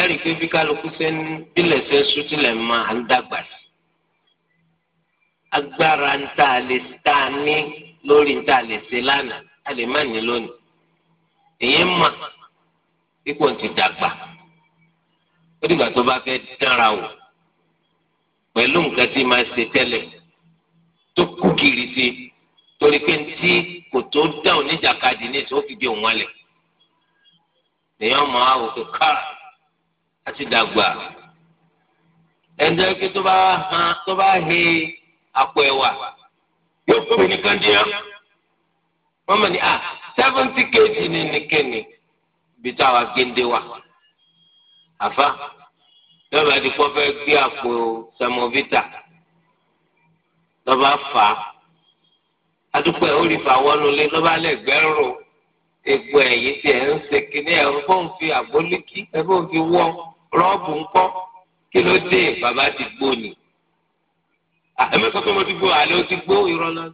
ẹ̀rí pé bí kálukú ṣe ń bílẹ̀ ṣe sùn tilẹ̀ máa à ń dàgbà sí agbára ń tà lè tà ní lórí ń tà lè ṣe lánàá a lè má ní lónìí èyí mà ipò ti dàgbà ó dìgbà tó bá fẹ́ dára wò pẹ̀lú nǹkan tí máa ṣe tẹ́lẹ̀ tó kú kiri sí torí pé ntí kò tó dáhùn níjàkadì ní ìṣòfìdí òun wálẹ̀ lèyàn mọ àwòkè ká àti dàgbà ẹnjẹ kí tó bá hàn tó bá he àpò ẹwà yóò fún mi nìkan díẹ̀ wọn mọ ní à seventy kg ní nìkẹni bí tó àwa géńdé wa àfa lọba ti kọ́ fẹ́ gbé àpò semovita lọba fà á adúpẹ́ ó rí fà wọnú lé lọba lẹ́gbẹ̀rún egbò ẹ̀yìn tí ẹ̀ ń ṣe kínní ẹ̀ ń bọ́ ń fi àgbólíkí ẹ̀ bọ́ ń fi wọ́ rọ́ọ̀bù ńkọ́ kí ló dé bàbá ti gbó ni. àmì sọ pé mo ti gbó àlẹ́ ó ti gbó irọ́ náà.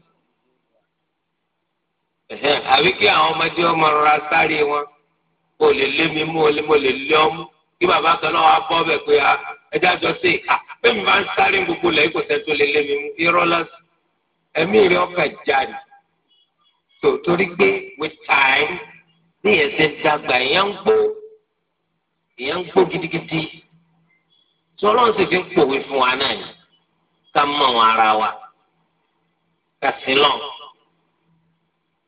àbí kí àwọn ọmọdé ọmọ rọra sáré wọn kò lè lé mi mú olè mo lè lé ọmú kí bàbá kan náà wàá bọ́ bẹ̀ pé ẹja jọ sí i pé mi máa ń sáré gbogbo lẹ́yìn kò tẹ́ tó lè lé mi mú irọ́ náà ẹ̀mí rẹ̀ ọkàn jáde so torí pé with time bí èèyàn ṣe ń dàgbà èèyàn ń gbó èèyàn ń gbó gidigidi tí ọlọ́run sì fi ń pòwe fún wa náà ni ká mọ̀ wọn ara wa ká sí lọ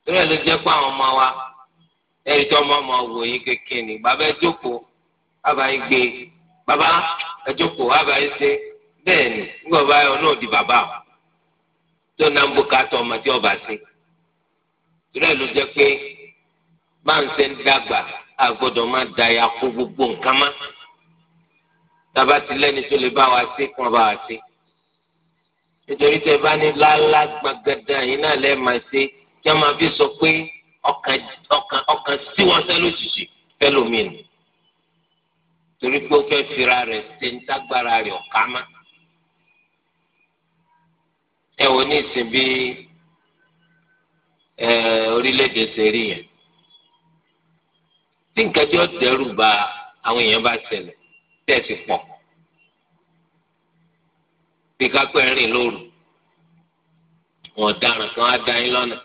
torí ẹ̀ ló jẹ́ pé àwọn ọmọ wa ẹ̀rí tí ọmọ ọmọ wò yín kékeré ni bàbá ẹ jókòó bàbá yín gbé bàbá ẹ jókòó bàbá yín ṣe bẹ́ẹ̀ ni nígbà báyọ̀ náà di bàbá tó náà ń bùkátà ọmọ tí ọba ṣe ìrẹ́ ló jẹ́ pé máa ń ṣe ń dàgbà a gbọ́dọ̀ máa da ya kó gbogbo nǹkan má tàbá ti lẹ́ni tó lè bá wa sí kàn bá wa sí nítorí tẹ bá ní lálá gbàgàdà yìí náà lẹ́ẹ̀ máa ṣe kí wọ́n máa fi sọ pé ọkàn ọkàn ọkàn sí wọn sẹ́ lójijì fẹ́lómi nù torí pé ó fẹ́ fira rẹ̀ ṣe ń tágbára rẹ̀ ọ̀ká má ẹ wò ní ìsìn bíi. orílẹ̀-èdè ṣe rí yẹn tí nǹkan tí dẹ́rù bà àwọn èèyàn bá ṣẹlẹ̀ tẹ̀sí pọ̀ bí rìn lóru wọn ọ̀daràn kan á lọ́nà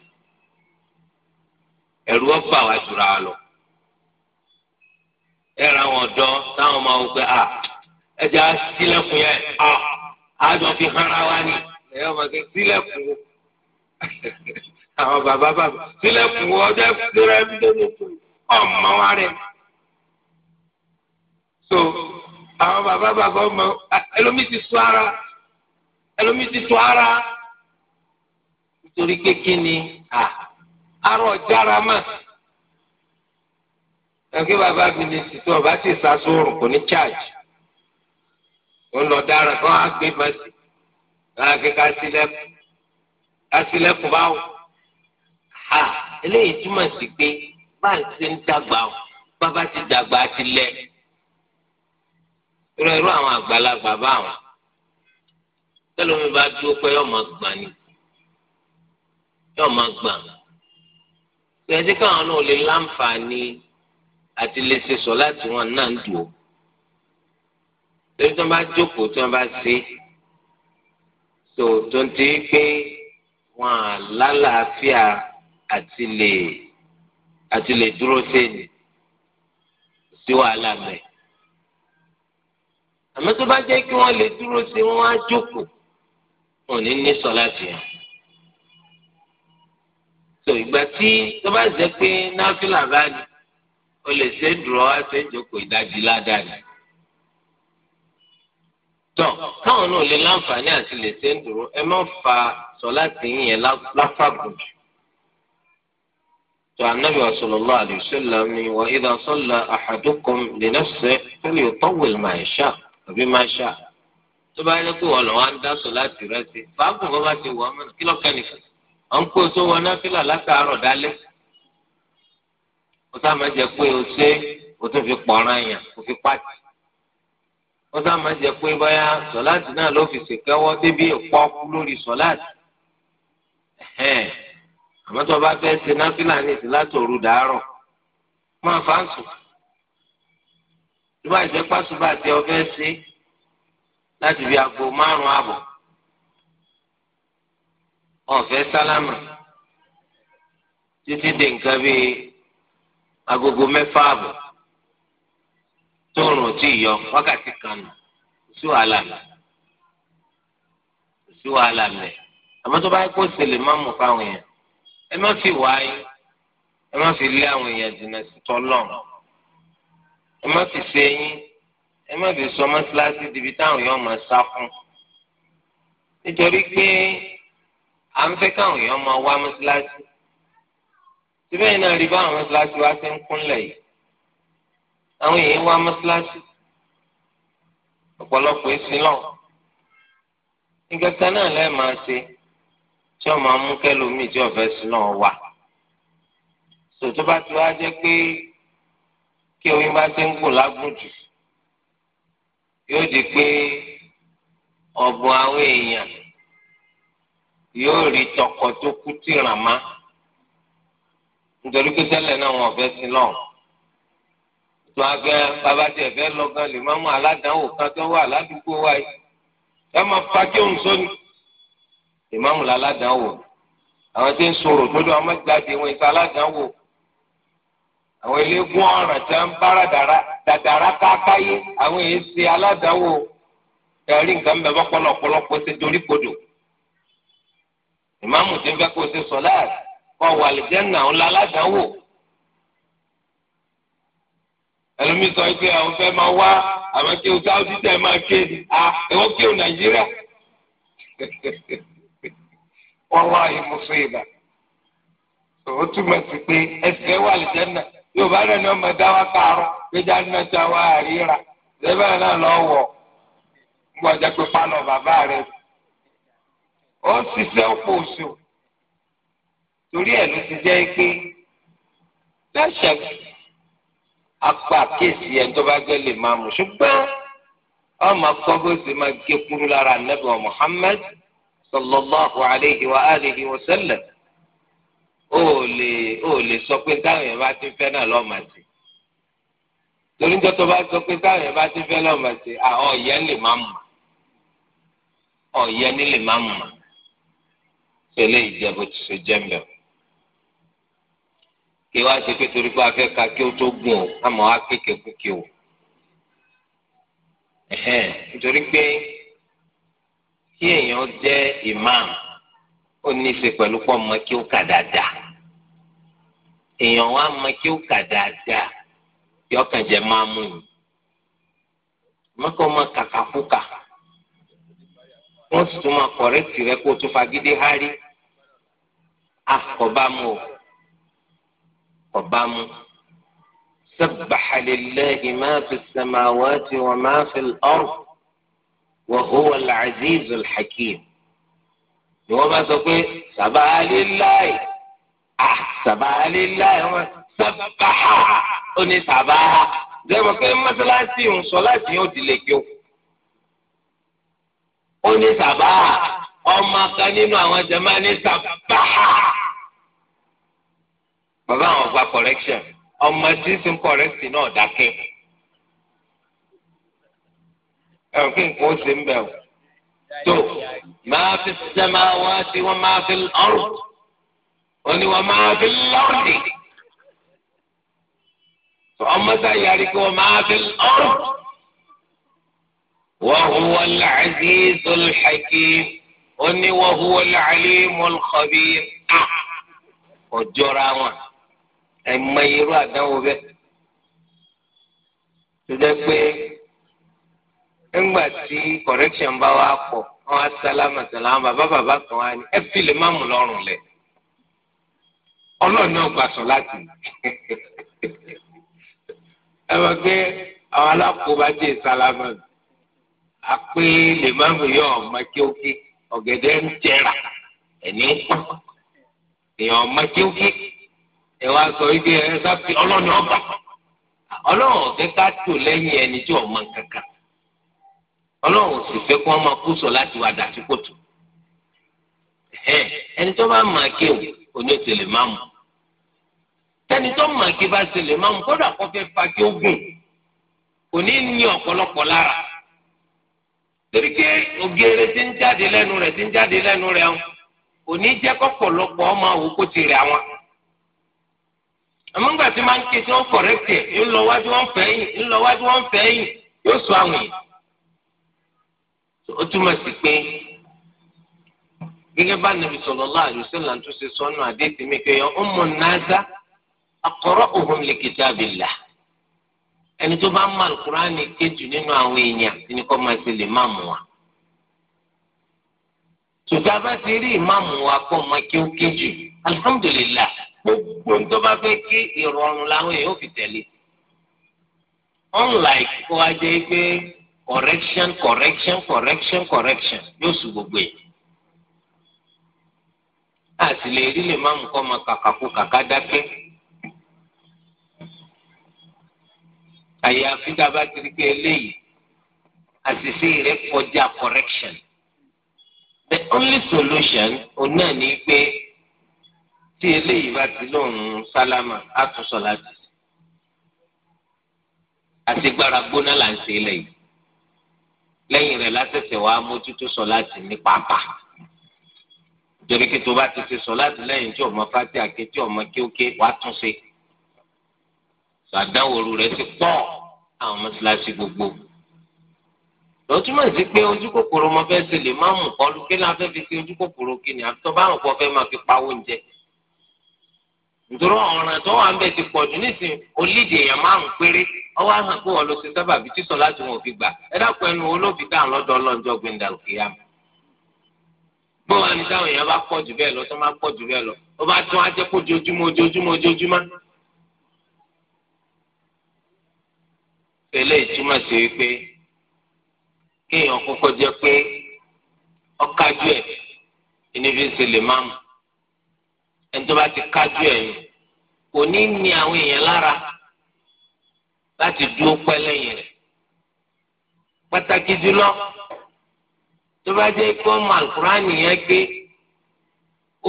ẹ̀rù ọ̀pá wa jùra lọ ẹ̀rọ àwọn ọ̀dọ́ táwọn máa wọ pé ẹja sílẹ̀kùn yẹn fi wa ni ẹ̀yọ́ sílẹ̀kùn àwọn bàbá bàbá nílẹ̀kùn ọjọ́ ìfúnra ẹbí tó ní kú ọmọ wa rẹ̀. so àwọn bàbá bàbá ọmọ ẹlòmíì ti sọ ara ẹlòmíì ti tọ ara nítorí kékeré ni àárọ̀ jára mà ẹgbẹ́ bàbá mi ni tìtú ọba ti sàṣọrùn kò ní charge ó lọ dára kó wá gbé bàtì láàkíkà sílẹ̀kùn kásílẹ̀kùn báwò à eléyìí túmọ̀ sí pé báà ti ń dàgbà o bàbá ti dàgbà ti lẹ̀ irú irú àwọn àgbàlagbà báwọn tẹlomi bá dúró pé yọọ máa gbà ni yọọ máa gbà tẹ̀sí káwọn náà lè láǹfààní àti lè ṣe sọ láti wọn náà ń dùn ó torí tí wọn bá jókòó tí wọn bá ṣe tó tó ń ti pé wọn à lálàáfíà àti lè àti lè dúró sẹ́ni sí wàhálà mẹ́. àmọ́ tó bá jẹ́ kí wọ́n lè dúró sí wọ́n á jókòó wọn ò ní ní sọ láti hàn. tó ìgbà tí tó bá jẹ́ pé náfìlà bá ní o lè ṣe é dúró wá ṣe é jókòó ìdajì ládàá ni. tọ́ káwọn náà lè láǹfààní àti lè ṣe é dúró ẹ má fa sọ láti yín yẹn láfàgùn jù tó anabi sallallahu alayhi wa sallam ni wa idha salla ahadukum li nafsihi falyutawwil ma yasha àbí ma yasha tó bá yẹ kó wọn lọ wá ń dá sọ láti rẹ sí fàákùn bọ́ bá ti wọ ọmọ kí lọ́ọ́ kẹ́ni fún ọ̀n kó tó náà fílà látàárọ̀ dálẹ́ ó sá máa jẹ pé o ṣe o tún fi pọ̀nrán yàn o fi pàtì ó sá máa jẹ pé báyà sọ̀láàtì náà ló fi ṣèkẹ́wọ́ débi ìpọ́kú lórí sọ̀láàtì àmọ́ tó o bá fẹ́ ṣe náfìlà ní ìsìn láti òru dàárọ̀ máa fà ń sùn tó bá ìfẹ́ pàṣùbà tí o fẹ́ ṣe láti fi aago márùn-ún àbọ̀ ọ̀fẹ́ sálámà títí dé nǹkan bíi agogo mẹ́fà àbọ̀ tóòrùn tí yọ wákàtí kan nù sí wàhálà mẹ sí wàhálà mẹ àmọ́ tó bá kó ṣẹlẹ̀ má mú fáwọn yẹn ẹ má fi wáyé ẹ má fi lé àwọn èèyàn jìnnà sí tọ́lọ̀ ẹ má fi ṣe yín ẹ má fi sọ mọ́síláṣí dìbí táwọn èèyàn máa sá fún nítorí pé à ń fẹ́ káwọn èèyàn máa wá mọ́síláṣí síbẹ̀ yìí náà rí bá àwọn mọ́síláṣí wá sí ń kúnlẹ̀ yìí àwọn èèyàn wá mọ́síláṣí ọ̀pọ̀lọpọ̀ èsì náà nígbà kan náà lẹ́ẹ̀ máa ṣe tí ọmọ amúkẹ́lómi tí ọ̀fẹ́ sí náà wà sòtú bá ti wá jẹ́ pé kí oyin bá ti ń kù lágùnjù yóò di pé ọ̀bùn àwọn èèyàn yóò rí tọkọ tó kú tí ràn má nítorí pé tẹ́lẹ̀ náà wọn ọ̀fẹ́ sí náà tó agbẹ́ bàbá tiẹ̀ fẹ́ lọ gan lè má mú aládàáwò kan tó wà ládùúgbò wa yìí ẹ máa fa kí òun sóni ìmáàmù làládàáwò àwọn tí ń sọ̀rọ̀ tó dùn amájáde wọn ìta aládàáwò àwọn eléégún ọ̀ràn tí wọn bára dàdàrà kákáyé àwọn èyí ṣe aládàáwò ẹrí nǹkan bẹ bọpọlọ ọ̀pọ̀lọpọ̀ ṣe dorí kodò ìmáàmù tí ń fẹ́ kó ṣe sọlá kọ wà lìjẹnà òun làládàáwò ẹlòmíì sọ pé àwọn fẹ́ máa wá àwọn kí o sáwọ́dí tẹ̀ máa ké ni à ẹ̀wọ́n kí o nàìjíríà. wallahi musiba ó túmọ̀ sí pé ẹsẹ̀ wà lìjẹ́nà yóò bá rẹ̀ ní ọmọ dáwà kárọ̀ gbéjà ní ọjà wà ríra lẹ́bẹ̀ náà lọ wọ̀ gbọ́dọ̀ pé pálọ̀ bàbá rẹ̀ ó ṣiṣẹ́ ọ̀pọ̀ oṣù torí ẹ̀ ló ti jẹ́ pé lẹ́sẹ̀ apá kéèsì ẹ̀ tó bá gbé lè máa mú ṣùgbọ́n ọmọ akọ́ máa gé kúrú lára nẹ́bẹ̀ Muhammad sallallahu alayhi wa alihi wa sallam ó lè ó lè sọ pé táwọn yẹn bá ti fẹ́ náà lọ́ọ̀mà sí torí níjọ́ tó bá sọ pé táwọn yẹn bá ti fẹ́ lọ́ọ̀mà sí àwọn ọ̀yẹ́ lè má mọ̀ ọ̀yẹ́ ní lè má mọ̀ tẹ̀lé ìjẹ́bù tó ṣe jẹ́ mbẹ́ kí wá ṣe pé torí pé a fẹ́ ka kí o tó gùn o àmọ́ a kékeré kúkẹ́ o nítorí pé kí èèyàn jẹ́ imam ó ní í ṣe pẹ̀lú pọ̀ mọ́ kí ó kà dáadáa èèyàn wá mọ́ kí ó kà dáadáa kí ọkàn jẹ́ máa mú un mọ́kàn máa kàkàkúkà wọ́n sì tún máa kọ̀rẹ́tì rẹ kó o tún fagídé hárí àkọ́bámu o kọ́bámu sabbaha lillahi ma fi samawati wa ma fi al wa huwa al-azizul hakim ni wọ́n bá sọ pé sàbáàlíláì ah sàbáàlíláì wọ́n sàbáà ó ní sàbáà dẹ́gbẹ́ pé mọ́sálásí ń sọ láti yóò di lè kí o ó ní sàbáà ọmọ kan nínú àwọn jẹ̀má ní sàbáà bàbá àwọn gba correction ọmọ tí ń sin correction náà dákẹ́ ẹ̀rọ kí nǹkan ó ṣe ń bẹ̀ o. tó máa fi sẹ́mà wá sí wọn máa fi ọrùn wọn ni wọn máa fi lọ́ọ̀dì. ọmọ sáyàrí kí wọn máa fi ọrùn. وهو العزيز الحكيم أني وهو العليم الخبير ọjọra wọn ẹmọ irú àdánwò bẹ́ẹ̀ tó jẹ́ pé ńgbà tí correction bá wà pọ̀ wọn á sálámà sálámà bàbá bàbá kan wá ní ẹ fi lè má mú lọ́rùn lẹ̀ ọlọ́run náà gbà sọ láti ẹ mọ̀ pé àwọn alákòóbá dé sálámà àpé lè má mú yọ ọmọ kéwké ọ̀gẹ̀dẹ̀ ń jẹrà ẹ̀ní ń pọ̀ èèyàn ọmọ kéwké ẹ wá sọ wípé ẹ sáfi ọlọ́run ọgbà ọlọ́run ọ̀gẹ́ ọlọ́run sì fẹ́ kí wọ́n máa kú sọ láti wá dàtí kòtò ẹni tó bá máa ké o oní òtẹlẹ máa mú tẹni tó máa ké bá tẹlẹ máa mú kódà kó fẹ́ fa kí ó gùn kò ní ní ọ̀pọ̀lọpọ̀ lára torí pé ògèrè ti ń jáde lẹ́nu rẹ̀ ti ń jáde lẹ́nu rẹ̀ ọ̀hún kò jẹ́ kọ́pọ̀lọpọ̀ ọmọ àwò kó ti rẹ̀ àwọn àmọ́ngbà máa ń ké tí wọ́n kọ̀rẹ́tì ń wájú wọ́n fẹ́ yìn ń wájú wọ́n fẹ́ yìn yóò sọ àwọn yìí. ó túmọ̀ si pé gẹ́gẹ́ bá nàbì sọlọ alaihi wasallam tó ṣe sọ́nù àdéhùn mi pé ummun ẹni tó bá ń mọ alukurani kéjù nínú àwọn èèyàn ni kò ma ṣe lè máàmù wa bá ti rí ìmáàmù wa kó kí ó kéjù gbogbo fẹ́ kí ìrọ̀rùn làwọn èèyàn correction correction correction correction yóò sùn gbogbo ẹ̀ àti lè rí lè máa mú kọ́ ma kàkà kó kàkà dákẹ́. àyàfi tá bá ti rí pé eléyìí àṣìṣe rẹ̀ kọjá correction. the only solution òun náà ni pé tí eléyìí bá ti lóun sálámà á tún sọ láti. àti gbára gbóná là ń ṣe eléyìí lẹ́yìn rẹ̀ lásẹ̀sẹ̀ wàá mójútó sọ láti ní pàápàá torí kí tó bá ti ṣe sọ láti lẹ́yìn tí ọmọ fati àké tí ọmọ kéwké wàá tún ṣe sàdáwòrú rẹ̀ ti pọ̀ àwọn mọ́ṣáláṣí gbogbo lọ́túmọ̀ sí pé ojú kòkòrò ọmọ fẹ́ ṣe lè má mú kọ́ lókè náà fẹ́ fi ṣe ojú kòkòrò kí ni àfi tó bá rùn pọ̀ fẹ́ máa fi pa oúnjẹ nítorí ọ̀ràn tó wà ń bẹ ti pọ̀jù nísìnyí olídìí èèyàn márùn péré ọwọ́ àhàn pé wọ́n lọ sí sábà bí títọ̀ láti wọn ò fi gbà ẹ dákun ẹnu olófin dáhùn lọ́dọ̀ ọlọ́njọ́ gbẹ̀ndà òkè yá mi. bó wàá ní táwọn èèyàn bá pọ̀ jù bẹ́ẹ̀ lọ tó máa pọ̀ jù bẹ́ẹ̀ lọ ó bá tún á kó jojúmọ́ jojúmọ́ jojúmọ́. tẹ̀lé ìtumọ̀ sí wípé kéèyàn kọ́kọ́ jẹ́ pé ọkájú ẹ̀ ẹni fi ń ṣe máàmù ẹni tó bá ti kájú ẹ̀yìn kò ní ní àwọn èèyàn lára láti dúró pẹ́ lẹ́yìn rẹ̀ pàtàkì jùlọ tó bá jẹ́ kó mọ alukurani yẹn gbé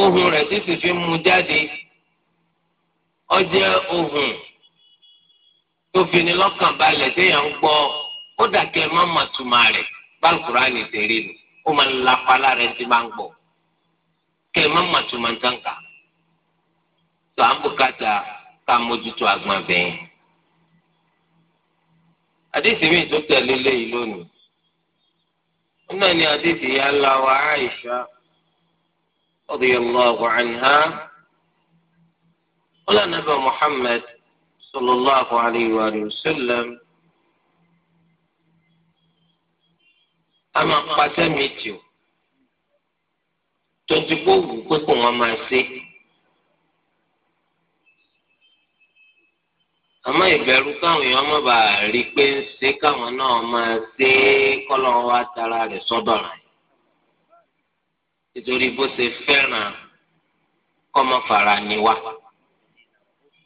ohun rẹ̀ títí fi mú jáde ó jẹ́ ohun tó fi ní lọ́kàn balẹ̀ téèyàn ń gbọ́ ó dàkẹ́ má tuma rẹ̀ bálukurani tẹ̀lé ni ó máa ń lapa lára ẹni tí máa ń gbọ́ kẹ́ má tuma ń tán kàá. tó à ń bùkátà ká mójútó agbọn abẹ́yẹn. àdéhìí mi tó tẹ̀lé léyìí lónìí. wọn náà ní àdéhìí yá Aisha radiyallahu anha. Muhammad sallallahu alayhi wa sallam. a máa pàṣẹ mi tì ó. tó àmọ́ ìbẹ̀rù káwọn èèyàn má bàa rí i pé ń ṣe káwọn náà máa ṣe é kọ́lọ́ wa tara rẹ̀ sọ́dọ̀ràn nítorí bó ṣe fẹ́ràn kọ́mọ fara ni wá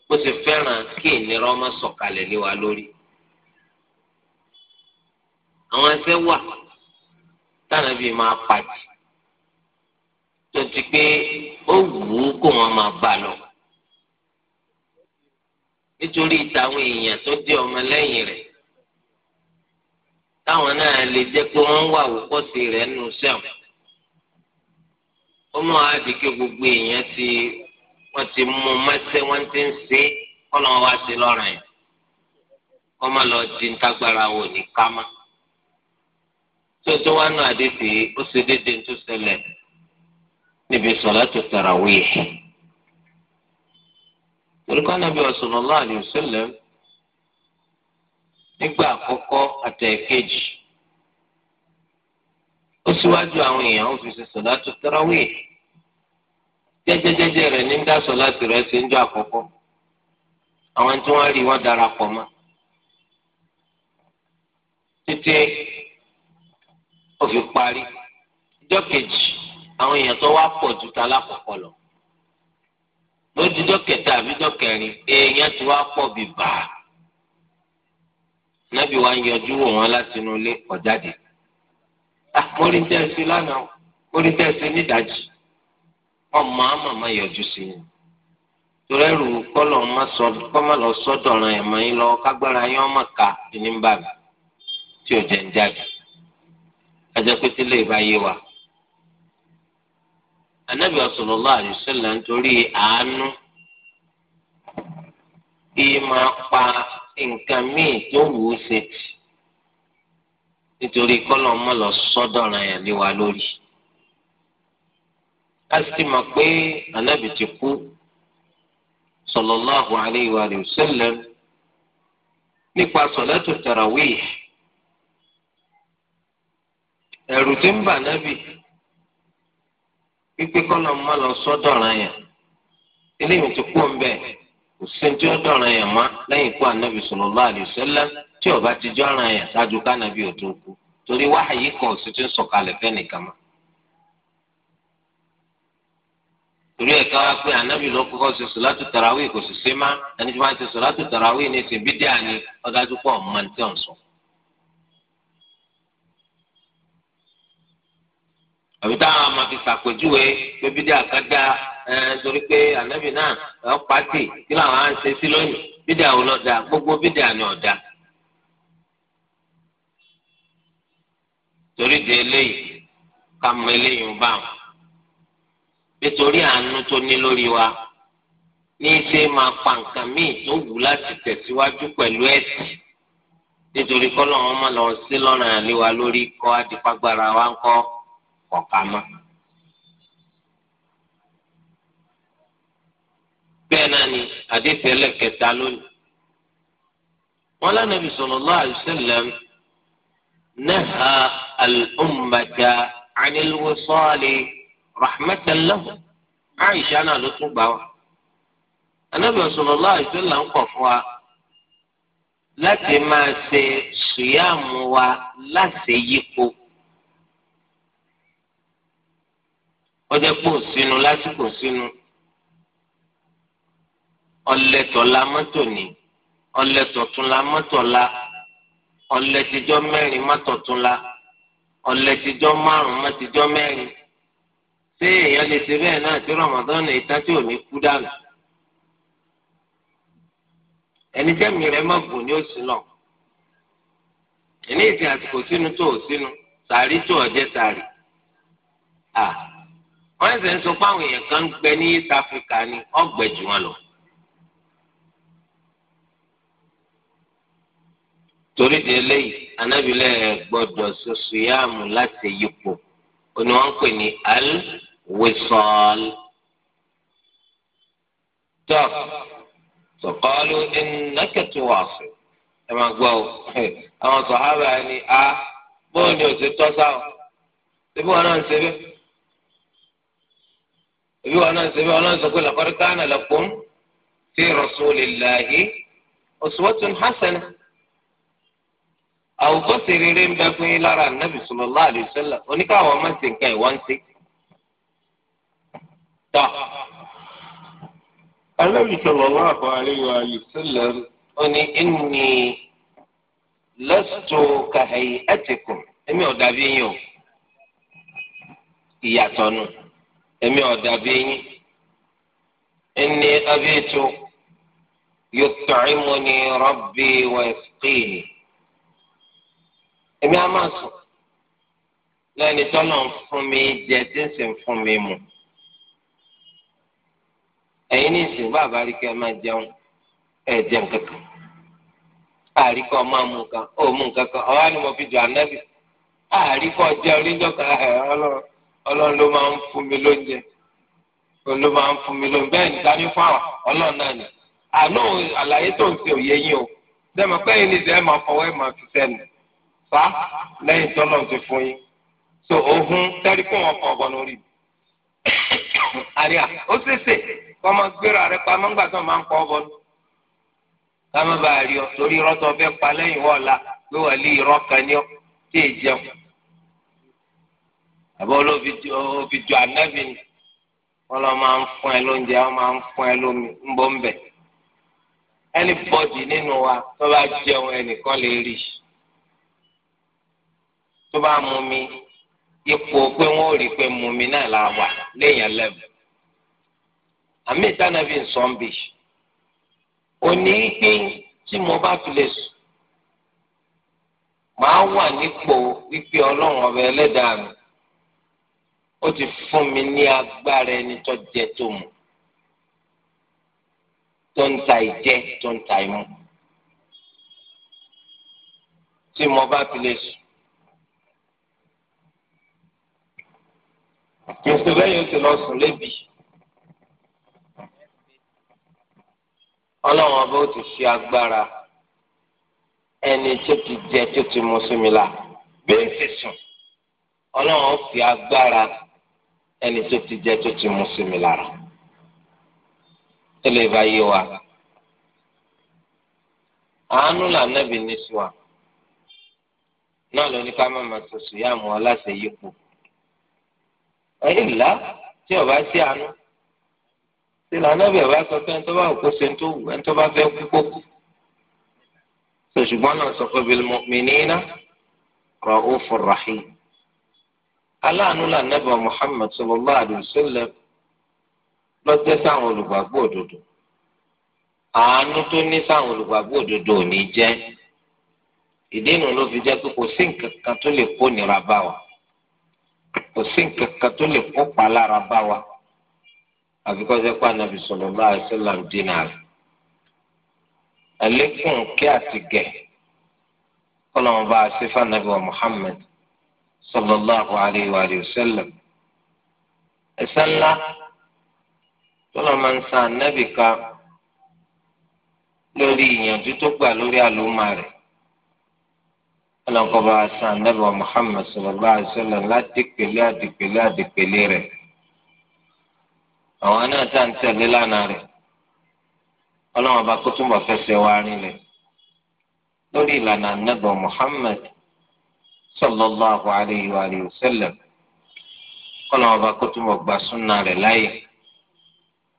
bó ṣe fẹ́ràn kí ìnira ọmọ sọ̀kalẹ̀ lé wa lórí. àwọn ẹsẹ̀ wà táwọn ẹbí máa pàdé tó ti pé ó wù ú kó wọn máa bá lọ. nítorí tàwọn èèyàn tó dé ọmọ lẹ́yìn rẹ̀ táwọn náà lè jẹ́ pé wọ́n wà wòkọ́sí rẹ̀ nù sẹ́wọ̀n ó gbogbo èèyàn ti wọ́n ti mú mẹ́sẹ̀ wọ́n ti ń ṣe kọ́nà wá sí lọ́rùn di ntágbára wò ní kámá tó tó wá nù ó ṣe déédéé tó ṣẹlẹ̀ olùkọ́ nàbí sallallahu alayhi wa sallam nígbà àkọ́kọ́ àtẹ̀kejì ó síwájú àwọn èèyàn ó fi ṣe sọ̀látù tarawih jẹ́jẹ́jẹ́jẹ́ rẹ̀ ní dá sọ̀látù rẹ̀ ṣe ń jọ àkọ́kọ́ àwọn tí wọ́n rí wọ́n darapọ̀ mọ́ títí ó fi parí ìjọ kejì àwọn èèyàn tó wá pọ̀ ju ta lákọ̀ọ́kọ́ lọ. ó dijọ́ kẹta àbíjọ́ kẹrin èèyàn ti wá pọ̀ bí bá a nábì wá ń yọjú wò wọ́n láti inú ilé ọ̀jáde ah, mórí tẹ̀sí lánàá mórí tẹ̀sí nídàájí ọmọ àmàmà yọjú sí i torí ẹrù kọ́lọ̀ kọ́mọ lọ sọ́dọ̀ràn ẹ̀mọ́ yín lọ kágbára yín ọmọ ká ní bàbá tí wa. anabi sallallahu alaihi wasallam nítorí àánú kí máa pa nǹkan míì tó wù ú ṣe tì nítorí kọ́lọ̀ mọ́ lọ lórí. pé anabi ti kú sallallahu alaihi wasallam nípa salatu tarawih tí ń kíkẹ́ kọ́nà má lọ sọ́dọ̀ràn yẹn eléyìí ti kú ọ̀nbẹ kò sí anya tí ó dọ̀ràn yẹn má lẹ́yìn ikú anya sallallahu alaihi wasallam tí ó ti jọ́ràn yẹn ṣáájú kánábì ò tó kú torí wáhàyí kan sì ti ń sọ̀kalẹ̀ fẹ́ nìkan mọ́. torí ẹ̀ ká pé kọ́kọ́ àbí táwọn ọmọ fi ṣàpèjúwe pé bídí àkàdá torí pé ànábì náà ọ pàtì kí làwọn á ń ṣe sí lónìí bídí àwọn ọlọ́dà gbogbo bídí àná ọ̀dà. torí di eléyìí ká mọ eléyìí ń bá wọn nítorí àánú tó ní lórí wa ní í ṣe máa pa nǹkan míì tó wù láti tẹ̀síwájú pẹ̀lú ẹ̀sìn nítorí kọ́ lọ́wọ́ máa lọ sí lọ́rùn àlè lórí kọ́ adìpagbára wa ń kọ́ kọ̀ọ̀kan mọ́. bẹ́ẹ̀ náà ni àdéhùn ẹlẹ́kẹta lónìí. wọ́n lánà bí sallallahu alaihi wasallam naha al-ummata anil wisali rahmatan lahu Aisha náà ló tún gbà wá. Ànábì sallallahu alaihi wasallam kọ̀ fún wa láti máa ṣe sùyàmù wa láṣẹ yípo. ọjọ́ pò sínú lásìkò sínú ọlẹ́tọ̀ la mọ́tò ní ọlẹ́tọ̀ tún la mọ́tò la ọlẹ́tijọ́ mẹ́rin mọ́tò tún la ọlẹ́tijọ́ márùn-ún mọ́tijọ́ ṣé èèyàn lè ṣe bẹ́ẹ̀ náà tí Ramadan náà ìtàn tí ò ní kú dànù ẹni jẹ́mi rẹ̀ má gùn ní oṣù náà ẹni ìsìn àsìkò sínú tó ò sàárì tó ọ̀jẹ́ sàárì Ah wọ́n ṣe ń sọ pé àwọn èèyàn kan ń gbẹ ní East Africa ni ọgbẹ jù wọn lọ. torí di eléyìí anábìlẹ̀ gbọ́dọ̀ ṣoṣo yáàmù láti yípo ni wọ́n ń pè ní al-wisal. tó sọ̀kọ́lù ẹnìnàkẹ́tù wàásù ẹ máa gbọ́ ọ àwọn sọ̀hábà ni a ah, bóun ni òsè tọ́sà ọ síbí wọn náà ń ṣe bẹ́ẹ̀ ebi wọn náà sọ ebi wọn náà sọ pé laqad kana lakum fi rasulillahi uswatun hasana àwòkọ́sì rere ń bẹ fún yín lára nàbì sallallahu alaihi wasallam oníkàwọ́ ọmọ sí nǹkan ìwọ́n ń sí. tọ́ anábì sallallahu alaihi wasallam ó ní inni lastu ka hay'atikum èmi ò yín o ìyàtọ̀ nù èmi ọ̀dà bí yín ẹni abẹ́tò yut'imuni rabbi wa yasqini èmi á máa sùn lẹ́ni tọ́lọ̀ ń fún mi jẹ tí ń sì ń fún mi mu ẹ̀yin ní ìsìn bàbá rí máa jẹun ẹ̀ kankan àárí máa mú nǹkan ó mú nǹkan kan ọ̀hánimọ̀ fi jọ ànábì àárí kọ́ jẹun ẹ̀ ọlọ́run ọlọ́run ló máa ń fún mi lóúnjẹ ọlọ́run ló máa ń fún mi lóúnjẹ bẹ́ẹ̀ ní dání fún àwọn ọlọ́run náà ni àánú àlàyé tó ń ṣe òye yín o sẹ́mi pé yín ni sẹ́mi máa fọwọ́ ẹ̀ máa fi sẹ́nu fa lẹ́yìn tọ́lọ̀ ti fún yín so òhun tẹ́rí fún wọn kọ̀ ọ̀gbọ́n lórí mi. àríyá ó ṣèṣe kọ́ máa gbéra rẹ pa máa ń gbà tó máa ń kọ́ ọ̀bọ̀n ká má bàa rí ọ torí irọ́ fẹ́ pa lẹ́yìn wọ́ọ̀la gbé wà àbọ̀ olóbi ju ànábì ni wọ́n lọ máa ń fún ẹ lóúnjẹ wọ́n máa ń fún ẹ lómi ń bọ́ ń bẹ̀. anybody nínú wa tó bá jẹun ẹnìkan lè rí i tó bá mú mi ipò pé wọ́n ò rí i pé mú mi náà la wà léèyàn lẹ́bù. àmì ìtànàbì ń sọ pé tí mo bá fi lè sùn màá wà nípò wípé ọlọ́run ọba ẹlẹ́dàá mi ó ti fún mi ní agbára ẹni tó jẹ tó mu tó ń ta ìjẹ tó ń ta ìmu tí mo bá fi lè sùn. Mr. Lẹ́yìn ó lọ sùn lébi. Ọlọ́run ọba ó ti fi agbára ẹni tó ti jẹ tó ti mu sí mi la. Bí ń ti sùn, Ọlọ́run ó fi agbára ẹni tó ti jẹ tó ti mú sí mi lára tó lè bá yé wa àánú lànàbì ní sí wa náà ló ní ká má máa tòṣù yá àwọn aláṣẹ yípo ẹyẹ ńlá tí ọba sí àánú tí lànàbì ọba sọ pé ẹni tó bá òkú ṣe ń tó wù ẹni tó bá fẹ́ kú kókó ṣùgbọ́n náà sọ pé bil mu'minina ra'ufur rahim aláàánú là nẹ́bà Muhammad sallallahu alaihi wasallam lọ́jẹ́ sáwọn olùgbàgbọ́ òdodo àánú tó ní sáwọn olùgbàgbọ́ òdodo ò ní jẹ́ ìdínú ló fi jẹ́ pé kò sí nǹkan kan tó lè kó nira bá wa kò sí nǹkan kan tó lè kó palára bá wa àfi kọ́ sẹ́pà Ànábì sallallahu alaihi dínà rẹ̀ kí àti gẹ̀ kọ́ lọ́wọ́ bá a ṣe fún sallallahu alayhi wa sallam ẹ̀san ńlá tọ́lọ́ máa ń san ànábì ká lórí ìyànjú tó gbà lórí àlùmá rẹ̀ ọlọ́nkọ́ba san ànábì wa Muhammad sallallahu alayhi wa sallam ládìpẹ̀lẹ́ àdìpẹ̀lẹ́ àdìpẹ̀lẹ́ rẹ̀ àwọn náà tá à ń tẹ̀lé lánàá rẹ̀ ọlọ́wọ́n bá kó túnbọ̀ fẹsẹ̀ wá rinlẹ̀ lórí ìlànà ànábì wa Muhammad. صلى الله عليه وآله وسلم قال وما كنت مقبسنا لله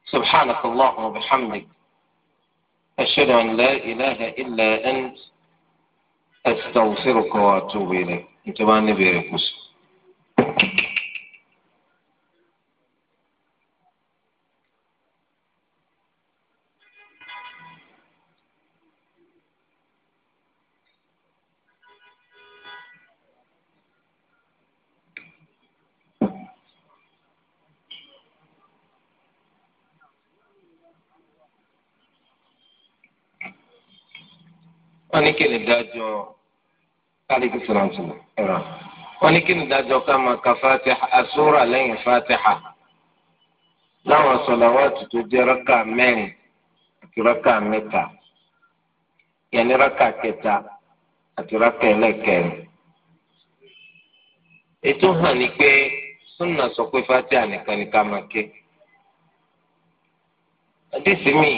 سبحانك اللهم وبحمدك أشهد أن لا إله إلا أنت أستغفرك وأتوب إليك أنت ما نبي ركوسك wọ́n ní kí ni dájọ́ káríkì sọ̀rọ̀sọ̀rọ̀ ẹ̀rọ wọ́n ní kí ni dájọ́ ká máa ka fatiha asúra lẹ́yìn fatiha láwọn sọ̀làwátù tó jẹ́ rákà mẹ́rin àti rákà mẹ́ta yẹnni rákà kẹta àti rákà ẹlẹ́kẹrin ètò hàn ní pé súnà sọ pé fatiha nìkan ni ká máa ké àdìsí mi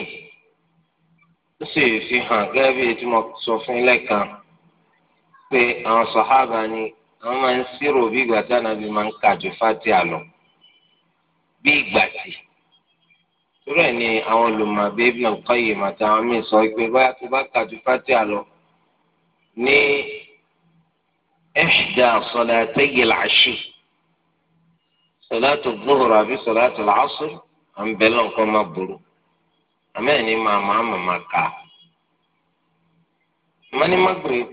ó sì fi hàn gẹ́gẹ́ bí etí mo sọ fún ilé kan pé àwọn sọ̀hábà ni àwọn máa ń sírò bí ìgbà tí ànábì máa ń kàjọ fati àlọ bí ìgbà tí torí ẹ̀ ni àwọn olùmọ̀bí Ibn al-Qayyim àti àwọn míì sọ pé báyà tó bá kàjọ fati àlọ ní ihda salatay al-ashi salatu dhuhr àbí salatu al-asr à ń bẹ lọ́nkọ́ máa burú. àmẹ́rin ni màá máa ama máa kà àmọ́ ní magrib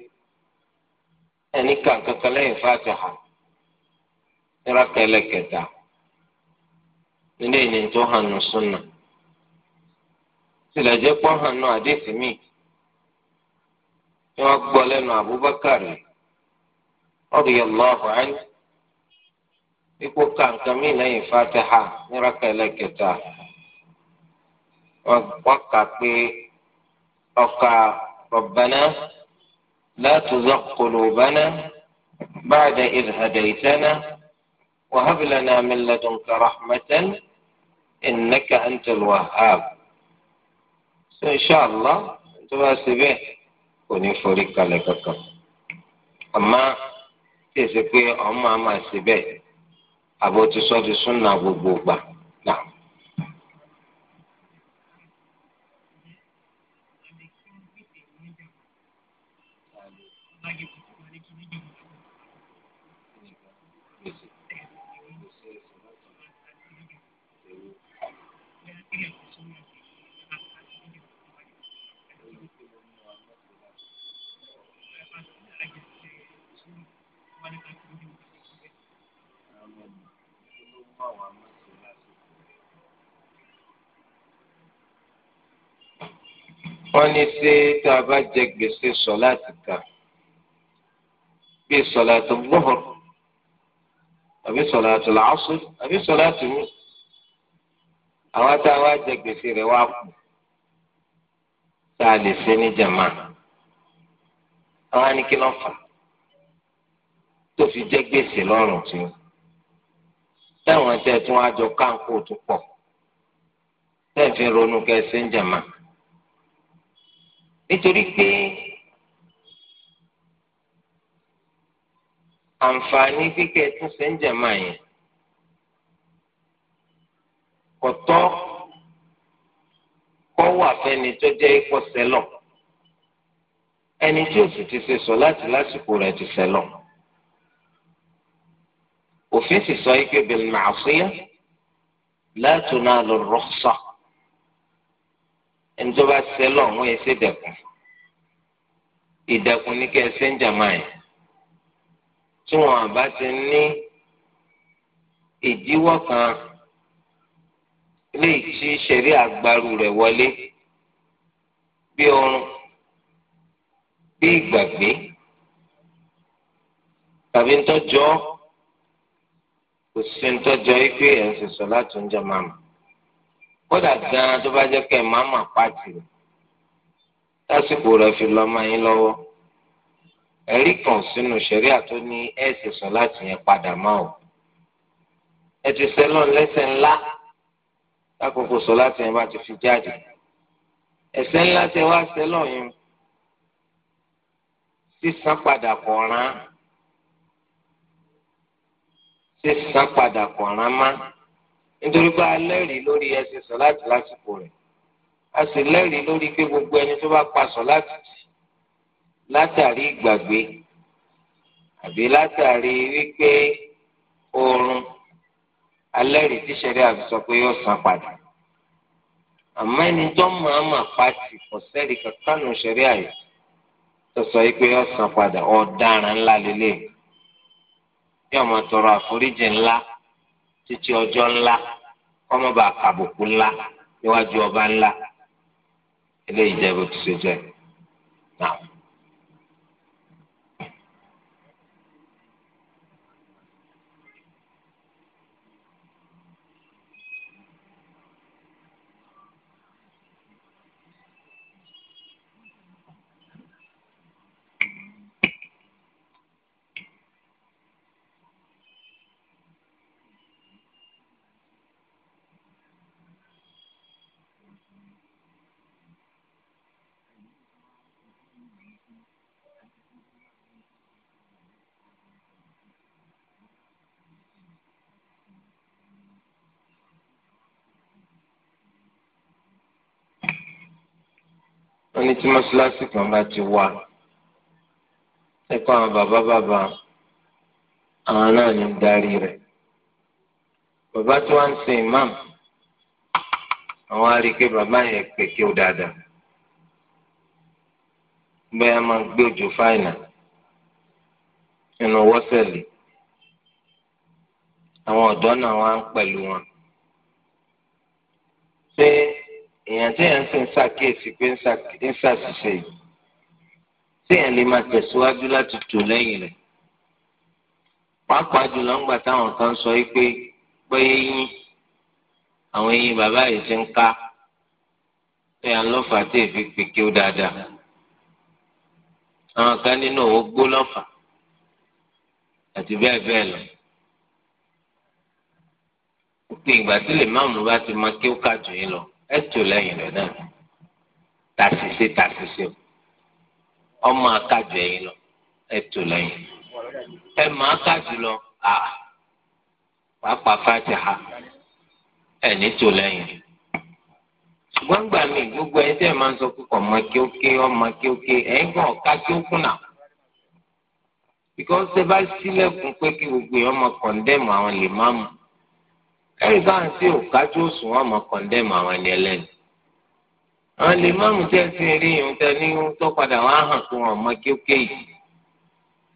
ẹni lẹ́yìn fatiha nira kẹlẹ kẹta nílé ìní tó súnà pọ́n àdéhùn mi ni wọ́n gbọ́ lẹ́nu Abubakar ikú nira kẹlẹ kẹta. wọn kà pé ọkà rabbana la tuzigh qulubana ba'da idh hadaytana wa hab lana min ladunka rahmatan innaka antal wahhab. so inṣàlá tó bá ṣe bẹ́ẹ̀ kò ní forí kalẹ̀ kankan àmọ́ tí pé ọmọ àmà ṣe bẹ́ẹ̀ àbótisọ́ ti súnà gbogbo gbà. wọ́n ní ṣé tá a bá jẹ gbèsè sọ̀láàtì kan bíi sọ̀láàtì gbọ́hùr àbí sọ̀láàtì làásù àbí sọ̀láàtì mú àwọn tá a wá jẹ gbèsè rẹ̀ wá kù tá a lè ṣe ní jàmá àwọn á ní fà tó fi jẹ gbèsè lọ́rùn tí táwọn tẹ̀ tún wá jọ káńkó tó pọ̀ tẹ̀ fi ronú kẹsẹ̀ ń jàmá nítorí pé àǹfààní kíkẹ́ tún ṣe ń jẹ̀mọ́ yẹn kọ̀tọ́ kọ́ wà fẹ́ni tó jẹ́ ikọ̀ sẹ́lọ̀ ẹni tí òsì ti ṣe sọ láti lásìkò rẹ̀ ti sẹ́lọ̀ òfin sì sọ ike bil ma'siyah la tunalu ar-rukhsah ẹni tó bá ṣẹ lọ wọn yẹn ṣe dẹkùn ìdẹkùn ní kẹ ṣe ń jàmá yẹn tí wọn bá ti ní ìdíwọ́ kan léyìí tí ṣẹ̀rí àgbàrú rẹ̀ wọlé bí oorun bí ìgbàgbé tàbí ntọ́jọ́ kò sí ntọ́jọ́ yìí pé ẹ̀ ń sọ̀sọ̀ láti ń jàmá mọ́ kódà gan tó bá jẹ́ kẹ́ máa mà pàtì rẹ̀ lásìkò rẹ̀ fi lọ́ máa yín lọ́wọ́ ẹ̀rí kan sínú ṣẹ̀ríà tó ní ẹ̀ sì sọ láti yẹn padà má o ẹ ti sẹ́lọ̀ lẹ́sẹ̀ ńlá lákòókò sọ láti yẹn bá ti fi jáde ẹ̀ṣẹ̀ ńlá tẹ wá sẹ́lọ̀ yẹn sísan padà kọ̀ọ̀ràn sísan padà kọ̀ọ̀ràn má nítorí pé a lẹ́rìí lórí ẹsẹ̀ sọ̀láàtì lásìkò rẹ̀ a sì lẹ́rìí lórí pé gbogbo ẹni tó bá pa sọ̀láàtì látàrí ìgbàgbé àbí látàrí wípé oorun alẹ́rìí tí sẹ́rí àbí sọ pé yóò san padà àmọ́ ẹni tó máa ma pàtì kò sẹ́rí kankan nù sẹ́rí àyè tó sọ pé yóò san padà ọ̀daràn ńlá lélẹ̀ yóò máa tọrọ àforíjì ńlá títí ọjọ́ ńlá kọ́mọba àkàbùkù ńlá níwájú ọba ńlá eléyìí jẹ́ bó ti ṣe jẹ́ náà. wọ́n ní tí mọ́ṣáláṣí kan bá ti wà ẹ̀kọ́ àwọn bàbá bàbá àwọn náà ní darí rẹ̀ bàbá tí wọ́n ń ṣe imam àwọn arígbé bàbá yẹn pèké ó dáadáa bẹ́ẹ̀ máa ń gbé òjò fáìnà nínú wọ́sẹ̀lì àwọn ọ̀dọ́ náà wá ń pẹ̀lú wọn ṣé èèyàn tí èèyàn ti ń ṣàkíyèsí pé ń ṣàṣìṣe tí èèyàn lè máa tẹ̀síwájú láti tò lẹ́yìn rẹ̀ pàápàá jùlọ ńgbà táwọn kan sọ pé pé eyín àwọn eyín bàbá yìí ti ń ká pé à ń lọ́fà tí èfi pèké ó dáadáa àwọn kan nínú òwò gbó lọ́fà àti bẹ́ẹ̀ bẹ́ẹ̀ lọ ó pè ìgbà tí lè má mú bá ti máa kí ó kà jù yín lọ ẹtù lẹ́yìn rẹ̀ náà tàṣìṣe tàṣìṣe o ọmọ akájọ ẹ̀yìn lọ ẹtù lẹ́yìn ẹ máa kájù lọ à pàápàá fàájì ha ẹni tó lẹ́yìn ṣùgbọ́n gbà mí gbogbo ẹni tẹ́ ẹ máa ń sọ púpọ̀ ọmọ kéókè ọmọ kéókè ẹ̀yìn kan ọ̀ka kéókùn náà bíkọ́ ṣe bá sílẹ̀kùn pé kí gbogbo ẹ̀ ọmọ kọ̀ǹdẹ́mù àwọn lè má mu ẹ̀rí bá ń ṣe òkájú òsùn wọn máa kọ̀ndẹ́mù àwọn ẹni ẹlẹ́ni. àwọn lè má mú tẹ́ sí eré yìí tẹ ní tó padà wọn á hàn fún wọn ọmọ kéókè yìí.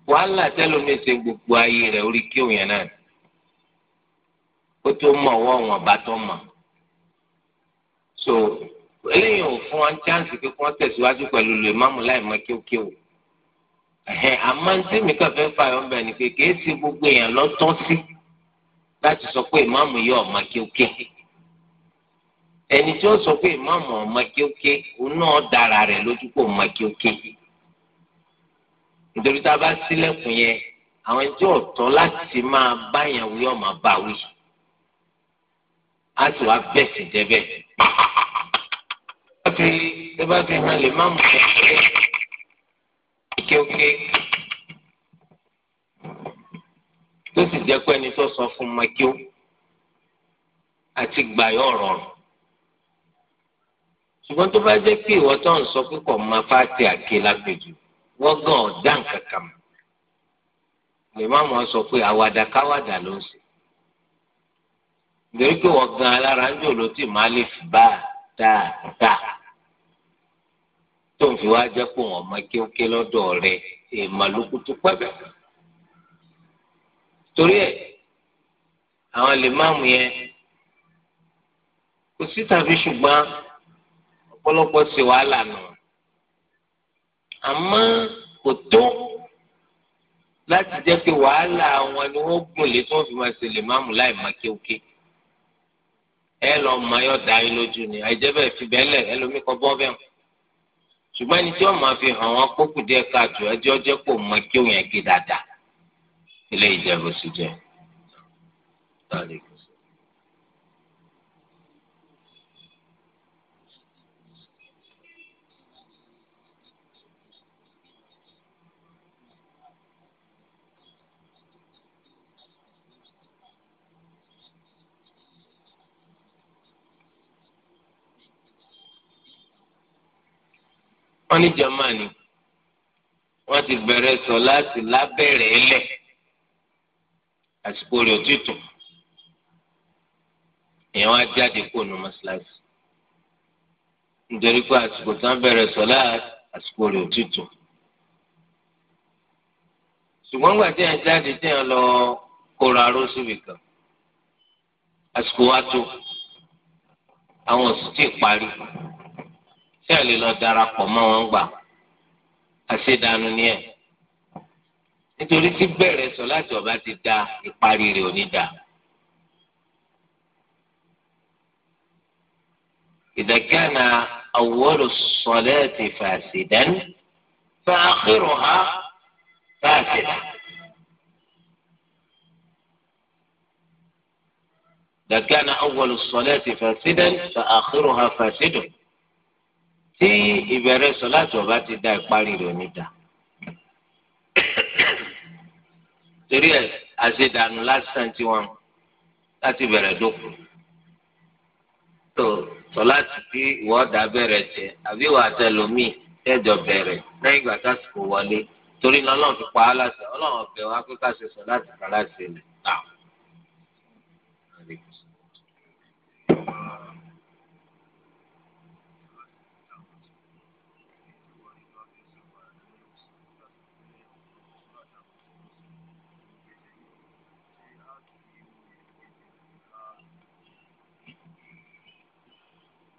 wàhálà tẹ́lómi ṣe gbogbo ayé rẹ̀ orí kí òun yẹn náà ni. ó tó mọ̀ ọwọ́ wọn bá tó mọ̀. so eléyìí ò fún wọn chance pé kí wọ́n tẹ̀síwájú pẹ̀lú lè má mú láì mọ kéókè o. àmọ́ ní tèmi kàn fẹ́ fà yọ̀ ń ni pé kì í ṣe gbogbo èèyàn lọ́tọ́ sí. Si láti sọ pé ìmáàmù yìí ọ̀ma kéwké ẹni tí ó sọ pé ìmáàmù ọ̀ma kéwké òun náà dára rẹ̀ lójú pé ọ̀ma nítorí tá a bá sílẹ̀kùn yẹn àwọn ẹni tí ó tọ́ láti máa báyàn wí ọ̀ma bá wí á sì wá bẹ̀sì tó sì jẹ́ pé ẹni tó sọ fún makíó àti gbàyọ̀ rọrùn ṣùgbọ́n tó bá jẹ́ pé ìwọ tó ń sọ pé kò máa fà á ti àké lápẹjù wọ́n gan ọ̀dá nǹkan kan lè má mọ̀ sọ pé àwàdà káwàdà ló ń ṣe nítorí pé wọ́n gan alára ń jò ló ti máa lè fi bá a dáadáa tó ń fi wá jẹ́ pé wọ́n máa kéwké lọ́dọ̀ rẹ̀ èèmọ̀ lókùtù pẹ́bẹ́ torí ẹ̀ àwọn lè máàmù yẹn kò sí tàbí ṣùgbọ́n ọ̀pọ̀lọpọ̀ ṣe wàhálà nù àmọ́ kò tó láti jẹ́ pé wàhálà wọn ni wọ́n gùn lé tí wọ́n fi máa ṣe lè máàmù láì máa kéwké ẹ lọ mọ ayọ̀ dá yín lójú ni àìjẹ́ bẹ́ẹ̀ fi bẹ́ẹ̀ lẹ̀ ẹlòmí kọ́ bọ́ bẹ́ẹ̀ ṣùgbọ́n ẹni tí wọ́n máa fi hàn wọ́n kókù díẹ̀ káàtó ẹjọ́ jẹ́ pò mọ́ kéwìn yẹn ké dáadáa ilé ìjẹ̀bù sì jẹ́ tàbí. wọ́n ní jamani wọ́n ti bẹ̀rẹ̀ sọ láti lábẹ̀rẹ̀ lẹ̀ àsìkò rẹ̀ ò tí tù èèyàn á jáde kó nu mọ́ṣáláṣí nítorí pé àsìkò tán bẹ̀rẹ̀ sọ́lá àsìkò rẹ̀ ò tí tù ṣùgbọ́n gbà tí èèyàn jáde tí èèyàn lọ kóra ró síbi kan àsìkò wa tó àwọn òsì tí ì parí tí èèyàn lè lọ darapọ̀ mọ́ wọn gbà àṣedànù ni ẹ̀ nítorí tí bẹ̀rẹ̀ sọ láti ọba ti da ìparí rẹ̀ òní da. إذا كان أول الصلاة فاسدا فآخرها فاسدا إذا كان أول الصلاة فاسدا فآخرها فاسد tí ìbẹ̀rẹ̀ sọ láti ọba ti da torí ẹ̀ àṣedànù lásán tí wọ́n láti bẹ̀rẹ̀ dókun tó sọlá ti kí ìwọ́dà bẹ̀rẹ̀ tẹ àbí ìwà àtẹlómi tẹ́jọ bẹ̀rẹ̀ lẹ́yìn ìgbà tásìkò wọlé torí náà ọlọ́run fi pa á láṣẹ ọlọ́run ọ̀bẹ̀ wa pé ká sọ láti kà láṣẹ lẹ̀.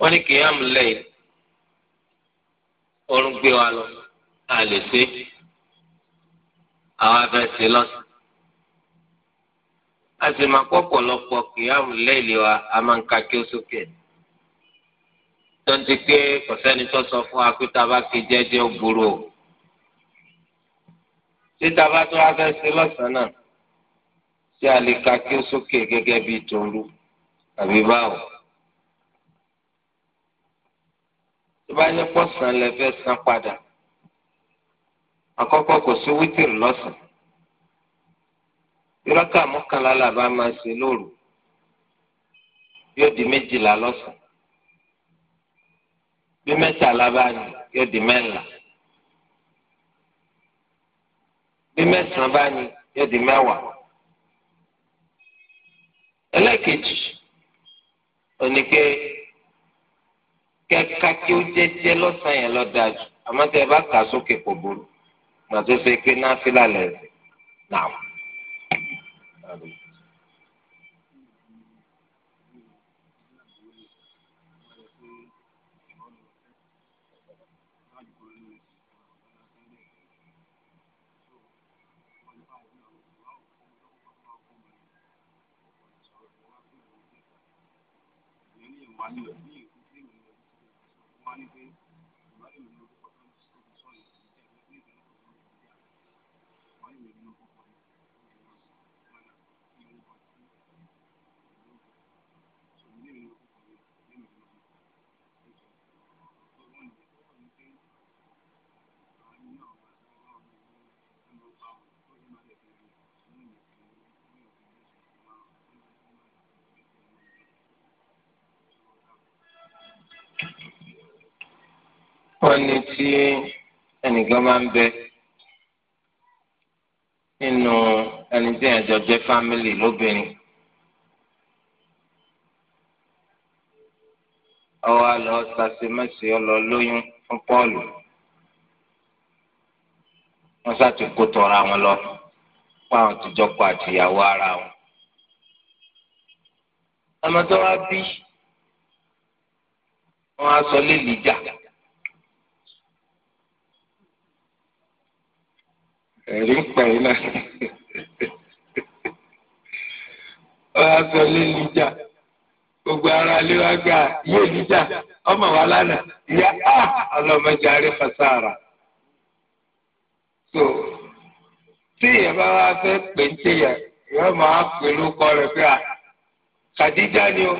wọ́n ní kìyàmù lẹ́yìn oorun gbé wa lọ a lè ṣe àwọn afẹsẹ lọsàn a sì máa kọ́ pọ̀lọpọ̀ kìyàmù lẹ́yìn wa a máa ń ka kí ó sókè tó ń pé kò sẹ́ni tó sọ fún wa pé tá a bá ké jẹ́jẹ́ ó burú o títa bá tó afẹsẹ lọsàn náà ṣé a lè ka kí ó sókè gẹ́gẹ́ bíi tòun lù àbí báwo. bá yẹ pọ̀ san lẹ fẹ́ san padà àkọ́kọ́ kò sí wítìrì lọ́sàn ìrọ́kà mọ́kànlá làbá máa ṣe lóru yóò di méjìlá lọ́sàn bí mẹ́tàlá bá ní yóò di mẹ́ńlá bí mẹ́sàn bá ní yóò di mẹ́wàá ẹlẹ́ẹ̀kejì oníke kẹka tí ó jẹ́jẹ́ lọ́sàn yẹn lọdà jù àmọ́ tẹ́ bá kà sókè kò burú mà tó ṣe pé náà fílà lẹ náà. Thank you. wọ́n ní tí ẹnìkan máa ń bẹ nínú ẹni tí ẹ̀jọ̀ jẹ́ fámìlì lóbìnrin. ọwọ́ àlọ́ sàṣemẹ́sì ọlọ́ lóyún fún pọ́ọ̀lù wọ́n ṣàti kó tọra wọn lọ fún àwọn tìjọ pa àtìyàwó ara wọn. ọmọ tó wá bí wọ́n á sọ lélìí jà. ẹ̀rí ń pa iná ọ̀rọ̀ aṣọ gbogbo ara lé gbà yé lìjà ọmọ wa ya ìyá ọlọmọdé arí fasara so tí ìyẹn bá wá fẹ́ pè ń tẹ̀yà ìyá máa pè lóko rẹ̀ kàdíjà ni o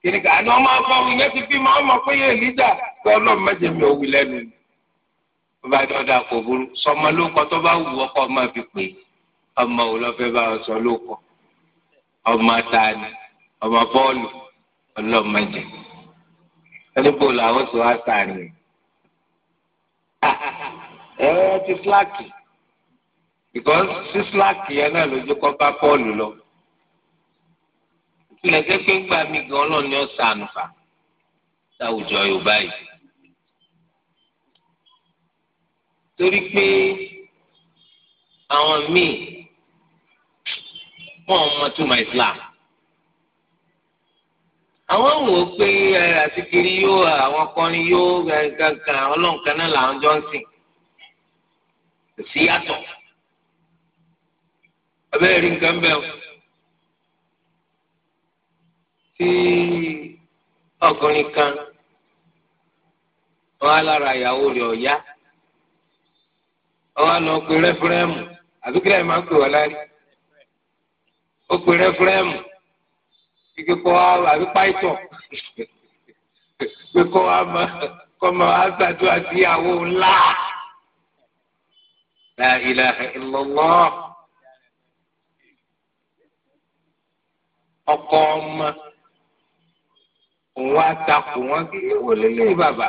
kìnìkan àná ọmọ akọ òun yẹn ti fi ma mọ̀ pé yé lìjà pé ọlọmọdé mi ò wí lẹ́nu bá dọ́dà kò burú sọmọ ló kọ tó bá wù ọkọ ọmọ fi pè ọmọ ò lọ fẹ́ bá ọ sọ ló kọ ọmọ tani ọmọ bọ́ọ̀lù ọlọ́mọdé ẹnìbó làwọn sọ wá sáré ẹ ti fúláàkì because sí fúláàkì yẹn náà lójú kọ́ bá bọ́ọ̀lù lọ ìpìlẹ̀ jẹ́ pé ń gbà mí gan ọlọ́ọ̀ni ọ̀sán ànúfà láwùjọ Yorùbá yìí torí pé àwọn míì wọn ò mọ túmọ̀ Islam àwọn wò ó pé àsìkiri yóò àwọn kọrin yóò gàgàgà ọlọ́nkan náà làwọn jọ ń sìn kò sí yàtọ̀ abẹ́rẹ́ rí nǹkan bẹ́ẹ̀ o tí ọkùnrin kan wọn á lára ìyàwó rẹ̀ ọ̀yá ọwọ́ àlọ́ pé rẹ́fúrẹ́mù àbí kílẹ̀ máa ń pè wọ́n lárí ó pè rẹ́fúrẹ́mù kíkẹ́ kọ́ àbí páìtọ̀ pé kọ́ wa máa kọ́ máa wá gbàdúrà ńlá la ilaha ọkọ ọmọ òun á takò wọn kí wọlé lé bàbá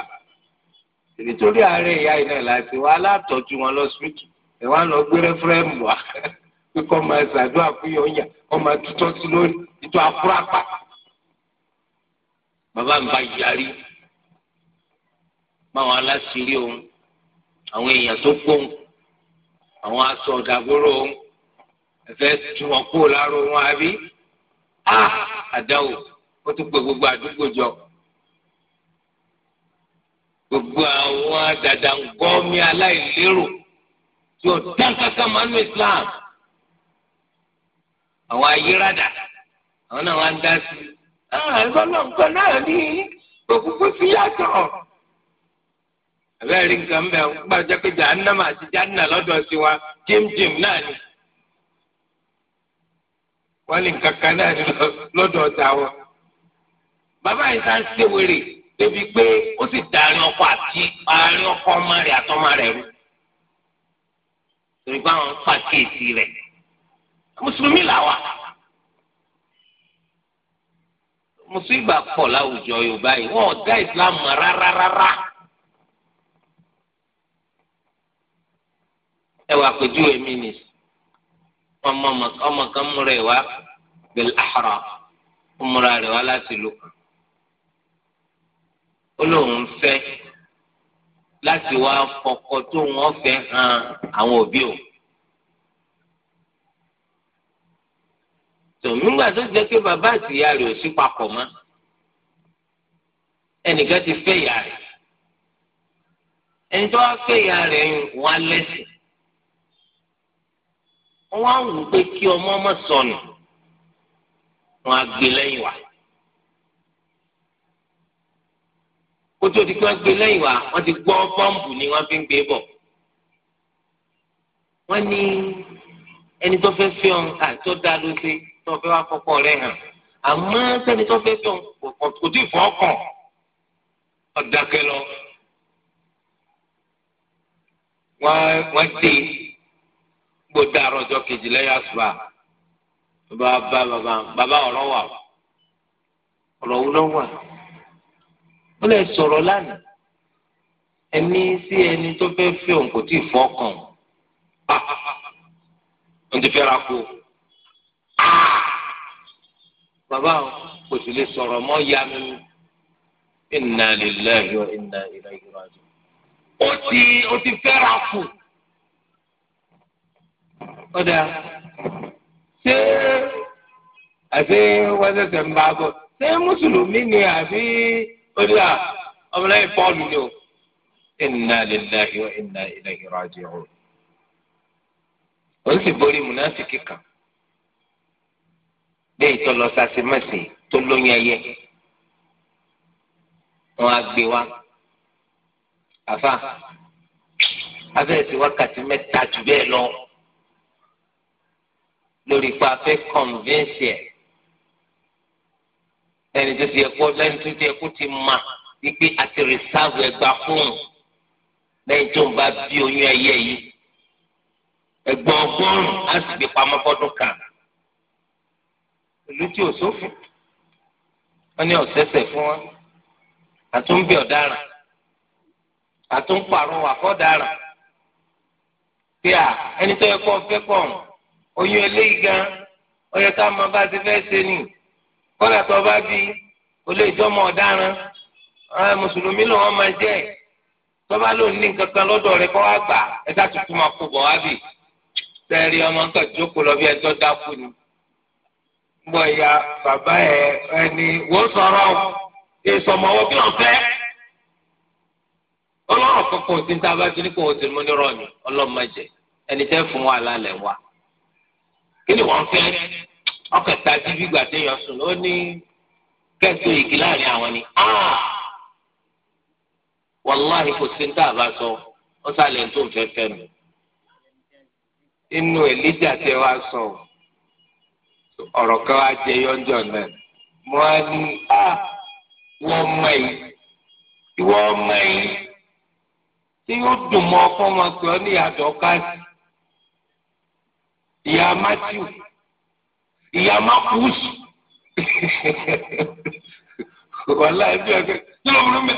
nítorí àárẹ̀ ìyá iná láti wá alátọ́jú wọn lọ́sibítù ẹ̀ wá lọ gbé rẹ́fúrẹ́mù wá pé kọ́ máa ṣàdúrà fún yọ̀ọ́yà kọ́ máa tutọ́ sí lórí ìtọ́ afúrápá. bàbá mi bá yarí báwọn aláṣírí òun àwọn èèyàn tó gbóhùn àwọn aṣọ ọ̀dàgbòrò òun ẹ̀fẹ́ tí wọ́n kó láàárọ̀ wọn àbí ah! àdáwò ó tún pè gbogbo àdúgbò jọ gbogbo àwọn dàdàngọ́mí aláìlérò tí ó dán kankan mọ́nú islam àwọn ayírádà àwọn náà wá ń dá sí i. àlọ́lọ́ nǹkan náà ní òkúkú sí yàtọ̀. àbẹ́rẹ́ nǹkan bẹ́ẹ̀ ń gbàjọ́ pé jahannama àti jahannà lọ́dọ̀ sí wa jimjim náà ni. wọ́n ní nǹkan kan náà ní lọ́dọ̀ ọ̀tá wọn. bàbá yìí sá ń ṣèwèrè débi pé ó sì darí ọkọ àti àárín ọkọ ọmọ rẹ̀ àtọmọ rẹ̀ rú torí báwọn ń pàkíyèsí rẹ̀ mùsùlùmí làwà mùsùlùmí pọ̀ láwùjọ yorùbá yìí wọn ò dá islam mọ̀ ẹ wà pẹ̀jú èmi nì ọmọ kan múra ẹ̀ wá bẹ̀lẹ̀ àhàrà múra rẹ̀ wá láti lókun ó lóun fẹ́ láti wá fọkọ tó wọ́n fẹ́ hàn àwọn òbí o. tòmígbà tó jẹ́ pé bàbá àti ìyá rẹ̀ ò sí papọ̀ mọ́ ẹnìkan ti fẹ́ ìyá rẹ̀ ẹni tó wá fẹ́ ìyá rẹ̀ wọ́n á lẹ́sìn wọ́n á wù pé kí ọmọ ọmọ sọnù wọ́n á gbé lẹ́yìn wa. kótó ti gbọ́n gbé lẹ́yìn wa wọ́n ti gbọ́ pọ́ǹpù ni wọ́n fi ń gbé bọ̀. wọ́n ní ẹni tó fẹ́ fẹ́ ọ̀hún àtọ́ da ló ṣe tó fẹ́ wá kọ́kọ́ rẹ̀ hàn àmọ́ sẹ́ni tó fẹ́ fẹ́ ọ̀hún kò tí ì fọ́ ọkàn ọ̀dàkẹ́ lọ. wọ́n dé gbọ́dọ̀ àrọ̀jọ́ kejì lẹ́yìn àṣùbà bàbá bàbá bàbá ọ̀rọ̀ wà ọ̀rọ̀ òun lọ́wọ́ ó lè sọ̀rọ̀ lánàá ẹni sí ẹni tó fẹ́ fẹ́ òun kò tí ì fọkàn òun ti fẹ́ ra kú ah! bàbá òun kò sì lè sọ̀rọ̀ mọ́ ya mi inna lillahi wa inna ilayhi raji'un ó ti ó ti fẹ́ ra kú ọ̀dà ṣé àti wọ́n ṣẹ̀ṣẹ̀ ń bá a bọ̀ ṣé mùsùlùmí ni àbí ó ní à ọmọlẹ́yìn Pọ́ọ̀lù ni o inna lillahi wa inna ilayhi raji'un ó sì borí múnásìkì kan bẹ́ẹ̀ tó lọ sàṣemẹ́sì tó lóyún ẹyẹ wọn á gbé wa àfa abẹ́ẹ̀sì wákàtí mẹ́ta jù bẹ́ẹ̀ lọ lórí pa fẹ́ kọ̀ǹvẹ́nsì ẹ̀ ẹni tó ti ẹkọ lẹni tó ti ẹkọ ti ma wípé àti rìsáàbù ẹgbà fún lẹ́yìn tó ń bá bí oyún ẹyẹ yìí ẹgbọn ọgọ́rùn á sì gbé pamọ́ fọ́dún kan ìlú tí ò sófin wọn ní ọ̀sẹ̀sẹ̀ fún wọn àtúnbí ọ̀daràn àtúnpàrọ̀ àfọ̀daràn pé à ẹni tó yẹ kó fẹ́ pọ̀ oyún eléyìí gan ó yẹ ká máa bá ti fẹ́ ṣe nìyí kọ́lá tó bá bí olè ìjọmọ ọ̀daràn mùsùlùmí ló wọn máa jẹ́ tọ́ba ló ní kankan lọ́dọ̀ rẹ kọ́ wá gbà ẹ̀dá tuntun máa kó bọ̀ wá bì ọmọ nǹkan jókòó lọ bí ẹjọ́ dákú ni. wọ́n sọ̀rọ̀ bí wọ́n fẹ́. ọlọ́run kankan ò ti ń ní kò wọ́n ti mú ní ẹni tẹ́ fún wa lálẹ́ wa. kí wọ́n fẹ́? ọkọ̀ ìtají gbígbà téèyàn sùn ló ní kẹ́sùn ìgì láàrin àwọn ni ah! wàláhì kò sí níta àbá sọ ó sàlẹ̀ tó ń fẹ́ fẹ́ mi inú èlíjà tẹ wá sọ ọ̀rọ̀ kan wá jẹ yọjọ náà mo á ní ah! ìwọ ọmọ yìí ìwọ ọmọ yìí tí yóò dùn mọ́ ọkọ wọn pé ọ ní ìyàtọ̀ káàsì ìyá Matthew ìyá máa kú sí wàhálà ẹbí ẹgbẹ kí ló burú mẹ.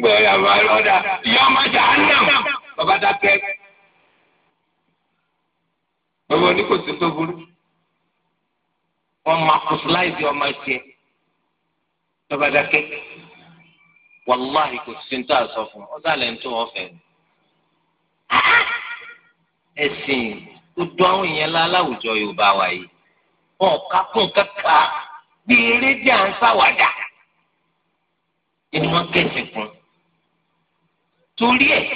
gbẹ̀rẹ̀ àwọn ọlọ́dà ìyá ọmọ jà á nà bàbá dákẹ́. bàbá oníkòsí tó burú wọn máa kó síláìsì ọmọ ẹsẹ bàbá dákẹ́ wàláhì kò sí ní tó àṣọ fún ọ sálẹ̀ ní tó wọ́n fẹ́ ẹ̀sìn tó dún àwọn èèyàn láláwùjọ Yorùbá wa yìí wọn ká kún kàkà bí eré jẹ́ à ń ṣàwàdà inú wọn kẹsìn kún torí ẹ̀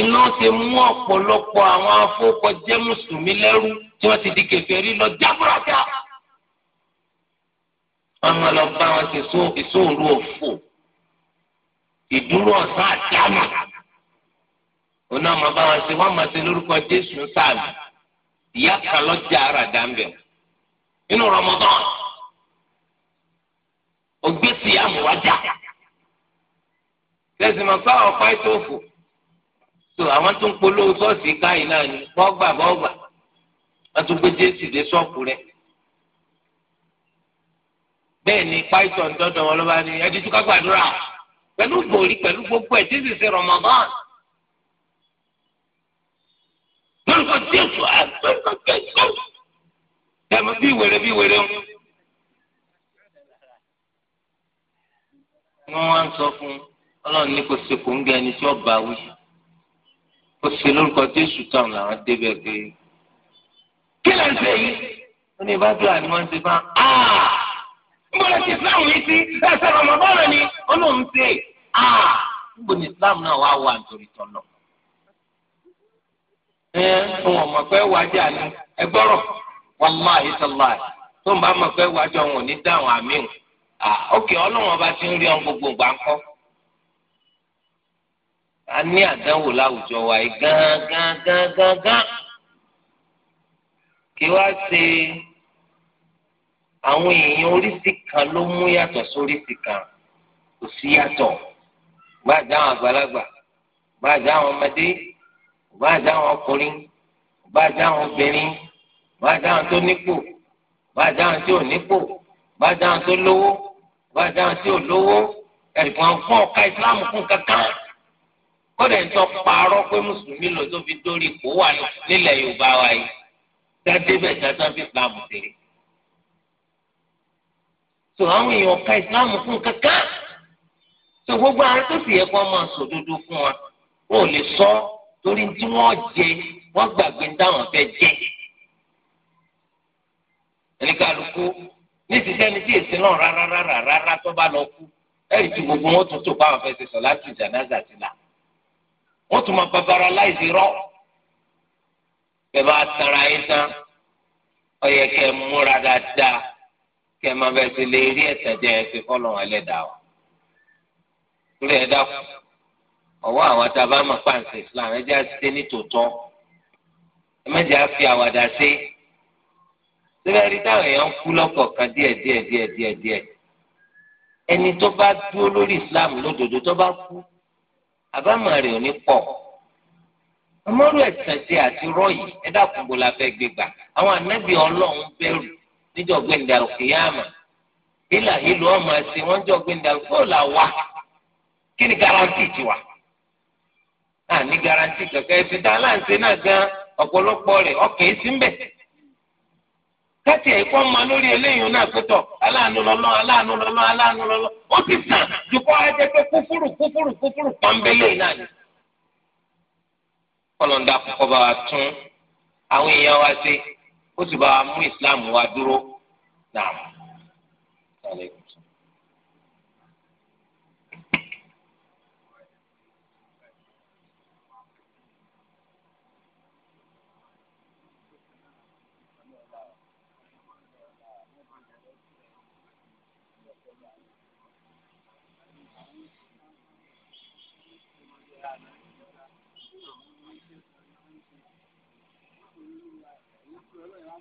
iná ti mú ọ̀pọ̀lọpọ̀ àwọn afọkọjẹ́ mùsùlùmí lẹ́rú tí wọ́n ti di kèfèrí lọ jábúrọ̀jà ọmọ lọ bá wọn ti sóòrù òfò ìdúró ọ̀sán àti àmàlà oní ọmọ bá wọn ṣe wọn máa ṣe lórúkọ jésù ń sáàlì ìyá kan lọ́jà ara dáńbẹ̀ inú rọmọdán ògbésì àmúwájà tẹsí ma fáwọn ọ̀pá ìtòfò tó àwọn tó ń polówó sọ́ọ̀sì káyìí náà ni bọ́gbà bọ́gbà wọ́n tún gbé jésù dé ṣọ́ọ̀kù rẹ̀ bẹ́ẹ̀ ni python dọ́dọ̀ wọn ló bá ní ẹ̀dí tún ká gbàdúrà pẹ̀lú gbòòrí gbogbo ẹ̀ tí sì rọmọdán. bá dé oṣù àgbẹ̀kọ̀kẹ̀kọ̀ dàmú bí wèrè bí wèrè ń. wọ́n wá ń sọ fún ọlọ́run ní kò ṣe kò ń gẹ ẹni tí ó bá wí ó ṣe lórúkọ jésù táwọn làwọn débẹ̀ pé kí ló ń ṣe yìí ó ní ìbádùn àní wọ́n ti bá a ń bọ̀dọ̀ yìí sí ẹsẹ̀ ọmọ bọ́ọ̀lù ni ó lóun ṣe a ń bọ̀ náà wá wà nítorí tọ́lọ̀ ẹ fún wọn mọ̀ pé wájà ni ẹ gbọ́rọ̀ wàláhì sàláì tó ń bá mọ̀ pé wájà wọn ò ní dáhùn àmì o òkè ọlọ́wọ́n bá ti ń rí ọ̀n gbogbo gbà ń kọ́. a ní àdánwò láwùjọ wa yìí gángan gángan gán kí wá ṣe àwọn èèyàn oríṣi kan ló mú yàtọ̀ sóríṣi kan kò sí yàtọ̀ bá a já àwọn àgbàlagbà bá a já àwọn ọmọdé kò bá jẹ́ àwọn ọkùnrin kò bá jẹ́ àwọn obìnrin kò bá jẹ́ àwọn tó nípò kò bá jẹ́ àwọn tí ò nípò kò bá jẹ́ àwọn tó lówó kò bá jẹ́ àwọn tí ò lówó ẹ̀gbọ́n fún ọ̀ka ìsìláàmù fún kankan kódà ń tọ́ parọ́ pé mùsùlùmí lò tó fi dórí ipò wà nílẹ̀ Yorùbá wa yìí dáadé bẹ́ẹ̀ dáadáa fi ìsìláàmù tèrè tó àwọn èèyàn ka ìsìláàmù fún kankan tó gbogbo àwọn tó sì yẹ kó máa sòdodo fún wa wọn ò lè sọ torí tí wọ́n jẹ wọ́n gbàgbé táwọn fẹ́ jẹ. ẹnìkàlùkù ní sísẹ́ni tí èsì náà rárá rárá rárá tó bá lọ kú ẹ̀rí tí gbogbo wọn tún tó báwọn fẹ́ ṣe sọ láti jànáza ti là wọ́n tún máa babara láìsí rọ́ bẹ́ẹ̀ bá tara yín tán ó yẹ kẹ́ ẹ múra dáadáa kẹ́ ẹ máa bẹ̀ sí lè rí ẹ̀sẹ̀ jẹ́ ẹ̀sìn fọ́lọ́run ẹlẹ́dàá wa. torí ẹ̀ ọwọ́ àwọn tábà mọ̀ pàǹsì islam ẹ jẹ́ àṣìṣe nítòótọ́ ẹ má jẹ́ àfi àwàdà ṣe síbẹ̀ rí táwọn èèyàn ń kú lọ́kọ̀ọ̀kan díẹ̀ díẹ̀ díẹ̀ díẹ̀ díẹ̀ ẹni tó bá dúró lórí islam lódodo tó bá kú àbámọ̀ rẹ̀ ò ní pọ̀ ọmọrú ẹ̀sìn ti àti rọ́ọ̀yì ẹ̀dá kúgbó la fẹ́ gbé gbà àwọn anábì ọlọ́run bẹ̀rù níjọ́gbẹ́ndà òkèèyàmà ìlà ìlú ọmọ ẹ̀sìn wọn jọ́gbẹ́ndà òkèèyàmà kí ni garanti tiwa. àní garanti kankan ẹ̀sìn tá a na ń ṣe náà gan ọ̀pọ̀lọpọ̀ rẹ̀ ọkẹ́ sí ń bẹ̀. káti ala máa lórí eléyìí náà pẹ́tọ̀ aláàánú lọ́lọ́ aláàánú lọ́lọ́ aláàánú lọ́lọ́ ó ti sàn jùkọ́ ajẹ́ pé kúfúrú kúfúrú kúfúrú náà ni. kọ́kọ́ bá wa tún àwọn èèyàn wa ṣe ó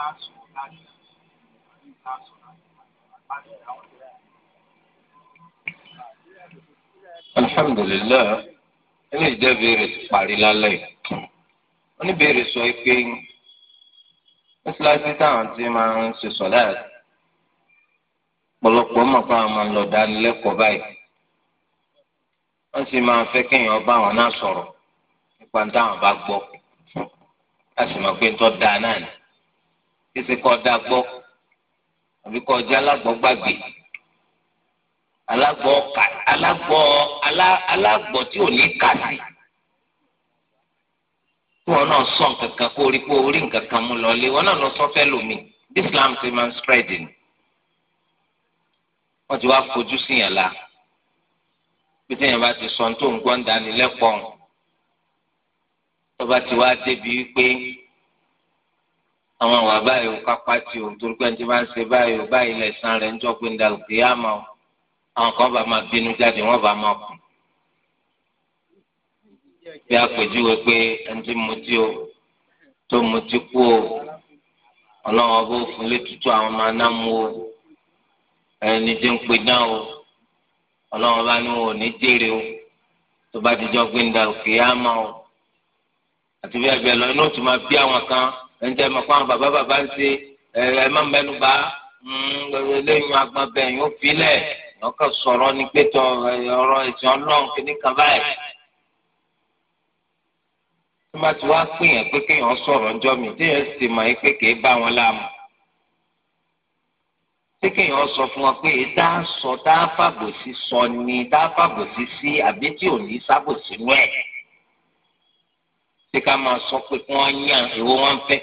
tá a sọ láti àbí tá a sọ láti àbí àwọn ìlú. alhamdulilayi ẹni ìjẹ́ béèrè ti parí lálẹ́ oníbèrè sọ pé mọ́sálásí táwọn ti máa ń ṣe sọ̀lá pọ̀lọpọ̀ mọ̀ pé àwọn máa ń lọ dánilẹ́kọ̀ọ́ báyìí wọ́n sì máa ń fẹ́ kéèyàn bá àwọn náà sọ̀rọ̀ nípa táwọn bá gbọ́ a máa pé ń tọ́ da náà ni títí kọ́ da gbọ́ àbí kọ́ jẹ́ alágbọ́ gbàgbé alágbọ́ ka alágbọ́ alágbọ́ tí ò ní kà sí tí wọn náà sọ nǹkan kan kó rí kó rí nǹkan kan mú lọ lé wọn náà lọ sọ fẹ́ lómi bí Islam ti máa ń spread ni wọn ti wá fojú sí yàn la bí sẹ́yìn bá ti sọ tó ń gbọ́ ń dánilẹ́kọ̀ọ́ tó bá ti wá débi wípé àwọn àwà báyìí ká pàtì o torí pé ẹnjẹ bá ń ṣe báyìí o báyìí lẹ san rẹ ń jọ pé ń da òkè yá ma o àwọn kan bá máa bínú jáde wọn bá máa kù. bí àpèjúwe pé ẹnjẹ mutí o tó mutí kú o ọlọ́wọ́n bó fún létútù àwọn máa ná mú o ẹni tí ń pè náà o ọlọ́wọ́n bá ní wọn ò ní jèrè o tó bá ti jọ pé ń da òkè yá o àti bí ẹgbẹ́ lọ inú tó máa bí àwọn kan ẹnjẹ mọ fún àwọn bàbá bàbá ń ṣe ẹ má mẹnu bá lẹ́yìn agbọn bẹ́ẹ̀ yóò filẹ̀ yóò kàn sọ̀rọ̀ ní pẹ̀tọ̀ ọ̀rọ̀ ẹ̀sìn ọlọ́run kìíní kan báyìí. tó bá ti wá pín yẹn pé kéèyàn sọ̀rọ̀ ńjọ́ mi téèyàn sì mọ̀ ẹ́ pé kéè bá wọn láàmú. pé kéèyàn sọ fún wọn pé tá sọ tá a sọ ni tá a sí àbí tí ò ní sábòsí nú ẹ̀ ṣé ká máa sọ pé kí wọ́n yàn ìwọ wọn fẹ́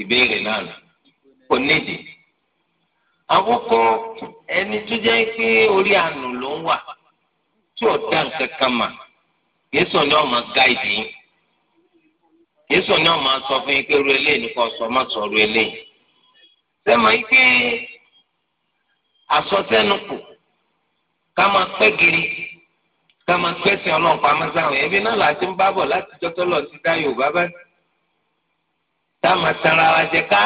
ìbéèrè náà nù onídìí àkókò ẹni tó jẹ́ pé orí àánú ló ń wà tí ò dá nǹkan kan mà yéésù ni ọmọ gáìdì yín yéésù ni ọmọ sọ fún yín pé ru eléyìí ni kò sọ má sọ ru eléyìí sẹ́mọ̀ yìí pé àsọtẹ́nu ká máa pẹ́ gírí kama gbẹsẹ Ọlọ́run pa amasáwọn ẹbí náà láti ń bá bọ láti jọtọ lọ sí dá Yorùbá bá tá a máa tanra wa jẹ ká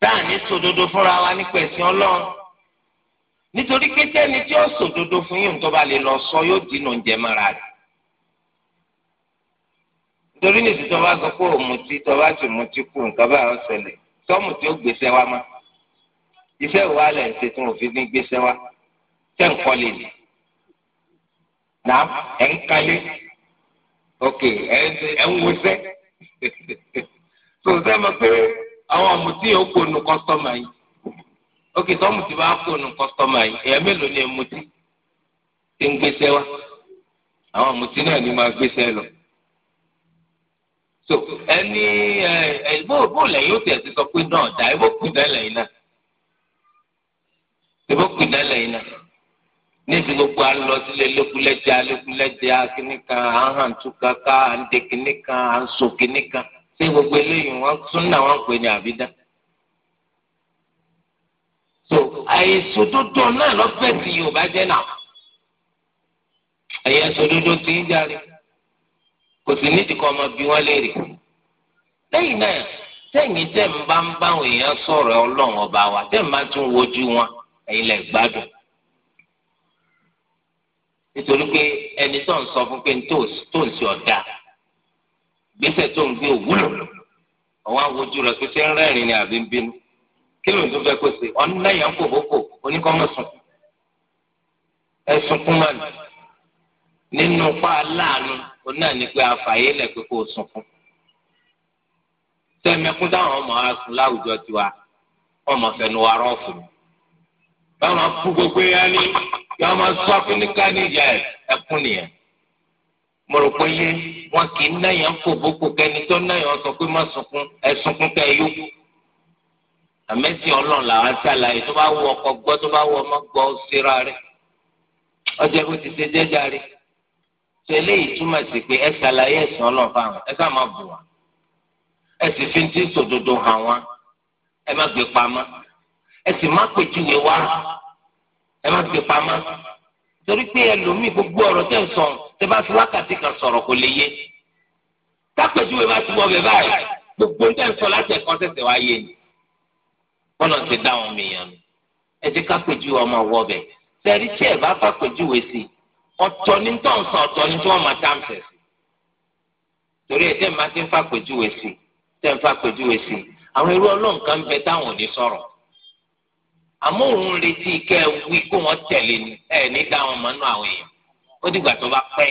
tá a ní sòdodo fúnra wa nípa ẹ̀sìn Ọlọ́run nítorí kéjẹni tí ó sòdodo fún yìí nítorí balẹ̀ lọ sọ yóò dínà oúnjẹ mọ́ra rẹ̀ nítorí nìdí tó bá sọ pé òmùtí tó bá sì mutí kú nǹkan bá ọ̀sẹ̀ lẹ̀ sọ́mùtí ó gbèsè wa mọ́ iṣẹ́ ìwà lẹ̀ tí wọ́n fi ní gbèsè wa tẹ̀ ń kọ́lé ni náà ẹ̀ ń ok ẹ̀ ń wọṣẹ́ tó sẹ́ mọ̀ pé àwọn ọ̀mùtí yẹn ó kó nu kọ́sítọ́mà yìí ok tó ọ̀mùtí bá kó nu kọ́sítọ́mà yìí ẹ̀yà mélòó ni ẹ̀mùtí ti ń gbéṣẹ́ wá àwọn ọ̀mùtí náà ni máa gbéṣẹ́ lọ so ẹni ẹ bó bó lẹ́yìn ó tiẹ̀ ti sọ pé náà dá ẹ bó kú dá lẹ́yìn náà ẹ bó kú dá lẹ́yìn náà. níbi gbogbo à ń lọ sílé lókùlẹ́jẹ alókùlẹ́jẹ akínníkan à ń hàn tú kaka à ń à ń so kínníkan gbogbo eléyìí wọn súnà wọn pè ní àbídá. so àìsòdodo náà lọ́fẹ̀ẹ́ tí yorùbá jẹ́ náà ẹ̀yẹ sòdodo ti ń jáde kò nídìí kan ọmọ bí wọ́n lẹ́yìn náà tẹ̀ ń bá ń èèyàn sọ̀rọ̀ nítorí pé ẹni tó ń sọ fún pé tó ń ṣe ọ̀dà gbèsè tó ń gbé òwúlò àwọn awojú rẹ̀ pé ṣé ń rẹ́rìn ni àbí ń bínú kí ló ń tún fẹ́ kó ṣe ọ̀nà yẹn kò bókò oníkọ́mọ̀sùn ẹ̀sùn kún mọ́ni nínú pa aláàánú òun náà ní pé àfààyè lẹ̀ pé kó sùn fún tẹ́mẹ̀kún táwọn ọmọ asùn láwùjọ tiwa ọmọ fẹnu wa rọ́ọ̀fù báwọn kú gbogbo yẹn ní yọọ máa sọ akínníkà ní ìyá ẹ ẹkún nìyẹn mo rò pé yé wọn kì í náyà ń fò gbogbo kẹni tó náyà sọ pé má sunkún ẹ sunkún kẹ yó àmẹsì Ọlọ́run làwọn ṣàlàyé tó bá wọ ọkọ gbọ́ tó bá wọ ọmọ gbọ́ síra rẹ̀ ọjọ́ bó ti ṣe jẹjà rẹ̀ tó eléyìí sí pé ẹ ṣàlàyé ẹ̀sìn Ọlọ́run fáwọn ẹ sá máa bù wọn ẹ sì fi ń tí sòdodo hàn wọn ẹ má gbé pamọ́ ẹ sì má pèjúwe wá ẹ má gbé pamọ́ torí pé ẹlòmíì gbogbo ọ̀rọ̀ tẹ̀ ń sọ tẹ bá fi wákàtí kan sọ̀rọ̀ kò lè yé tápẹ̀júwe bá ti wọ bẹ̀ báyìí gbogbo tẹ̀ ń sọ láti ẹ̀kọ́ sẹ̀sẹ̀ wá yé ni kọ́nà ti dá wọn mìíràn ẹ ti kápẹ̀júwe ọmọ wọ bẹ̀ sẹ́rí tí ẹ̀ bá fàpẹ̀júwe sí ọ̀tọ̀ ní tó ń sọ ọ̀tọ̀ ní tí wọ́n máa tá àmì torí ẹ̀ tẹ́ máa ti ń fàpẹ̀júwe sí tẹ́ ń fàpẹ̀júwe sí àwọn irú ọlọ́run kan bẹ táwọn ò ní sọ̀rọ̀ àmọ́ òun retí kẹ́ ẹ wí kó wọ́n tẹ̀lé ni ẹ ní dá wọn mọ́nú àwọn èèyàn ó dìgbà tó bá pẹ́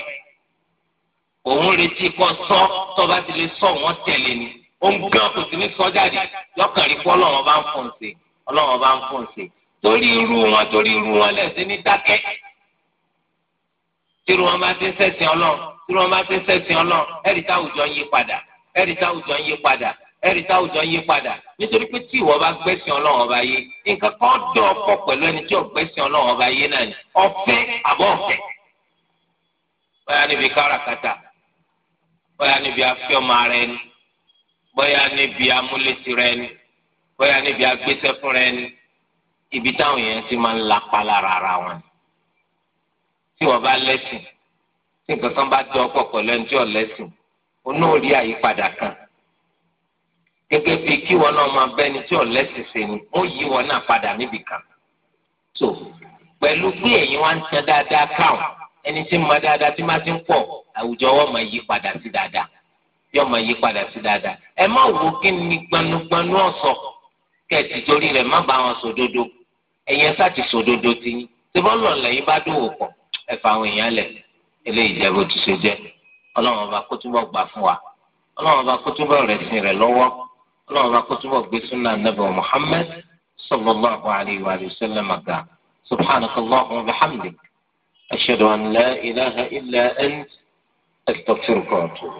òun retí kọ́ sọ tó bá ti lè sọ wọ́n tẹ̀lé ni ó ń gbọ́n kò sí ní sọ́jáde lọ́kàn rí kó ọlọ́wọ́n bá ń fún un sí ọlọ́wọ́n bá ń fún un sí torí irú wọn torí irú wọn lẹ́sìn ní dákẹ́ tírú wọn bá ti ń ṣẹ̀sìn ọlọ́run tírú wọn bá ti ń ṣẹ̀sìn ọlọ́run ẹ̀rí táwùjọ yí padà ẹ̀rí táwùjọ yí padà ẹ̀rí táwùjọ yí padà nítorí pé tí ìwọ bá gbẹ́sìn ọlọ́run ọba yé nǹkan kan dọ̀ ọkọ̀ pẹ̀lú ẹni tí ò gbẹ́sìn ọlọ́run ọba yé náà ni ọ̀fẹ́ àbọ̀ ọ̀fẹ́. bóyá níbi káràkátà bóyá níbi afẹ́ọmọ ara ẹni bóyá níbi amúlétìrẹ ẹni bóyá níbi agbésẹ́ fúnra ẹni ibi táwọn èèyàn ti máa ń lapa lára ara wọn. tí ìwọ bá lẹ́sìn tí nǹkan kan bá dọ̀ ọkọ̀ pẹ̀lú ẹni tí ò lẹ́sìn gẹ́gẹ́ bíi kí wọn náà máa bẹ́ni tí ọ̀lẹ́sìn ṣe ni ó yí wọn náà padà níbì kan. so pẹ̀lú pé ẹ̀yin wá ń tan dáadáa káwọn ẹni tí ń mọ dáadáa tí má ti ń pọ̀ àwùjọ wọn máa yí padà sí dáadáa yóò máa yí padà sí dáadáa ẹ má wo kí ni gbanugbanu ọ̀sọ̀ kẹ̀tì torí rẹ̀ má bá wọn sòdodo ẹ̀yin ẹ̀sà ti sòdodo ti yín tí wọ́n lọ lẹ́yìn bá dòwò pọ̀ ẹ̀fà àwọn èèyàn lẹ̀ eléyìí jẹ́ bó ti ṣe jẹ́ ọlọ́run ọba kó túbọ̀ gbà fún wa ọlọ́run ọba kó túbọ̀ rẹ̀ sìn rẹ̀ lọ́wọ́ ọlọ́run bá kó túbọ̀ gbé súnà nàbẹ̀ Muhammad sallallahu alayhi wa sallam àgbà subhanaka allahumma wa bihamdik ashadu an la ilaha illa an astaghfiruka wa atubu.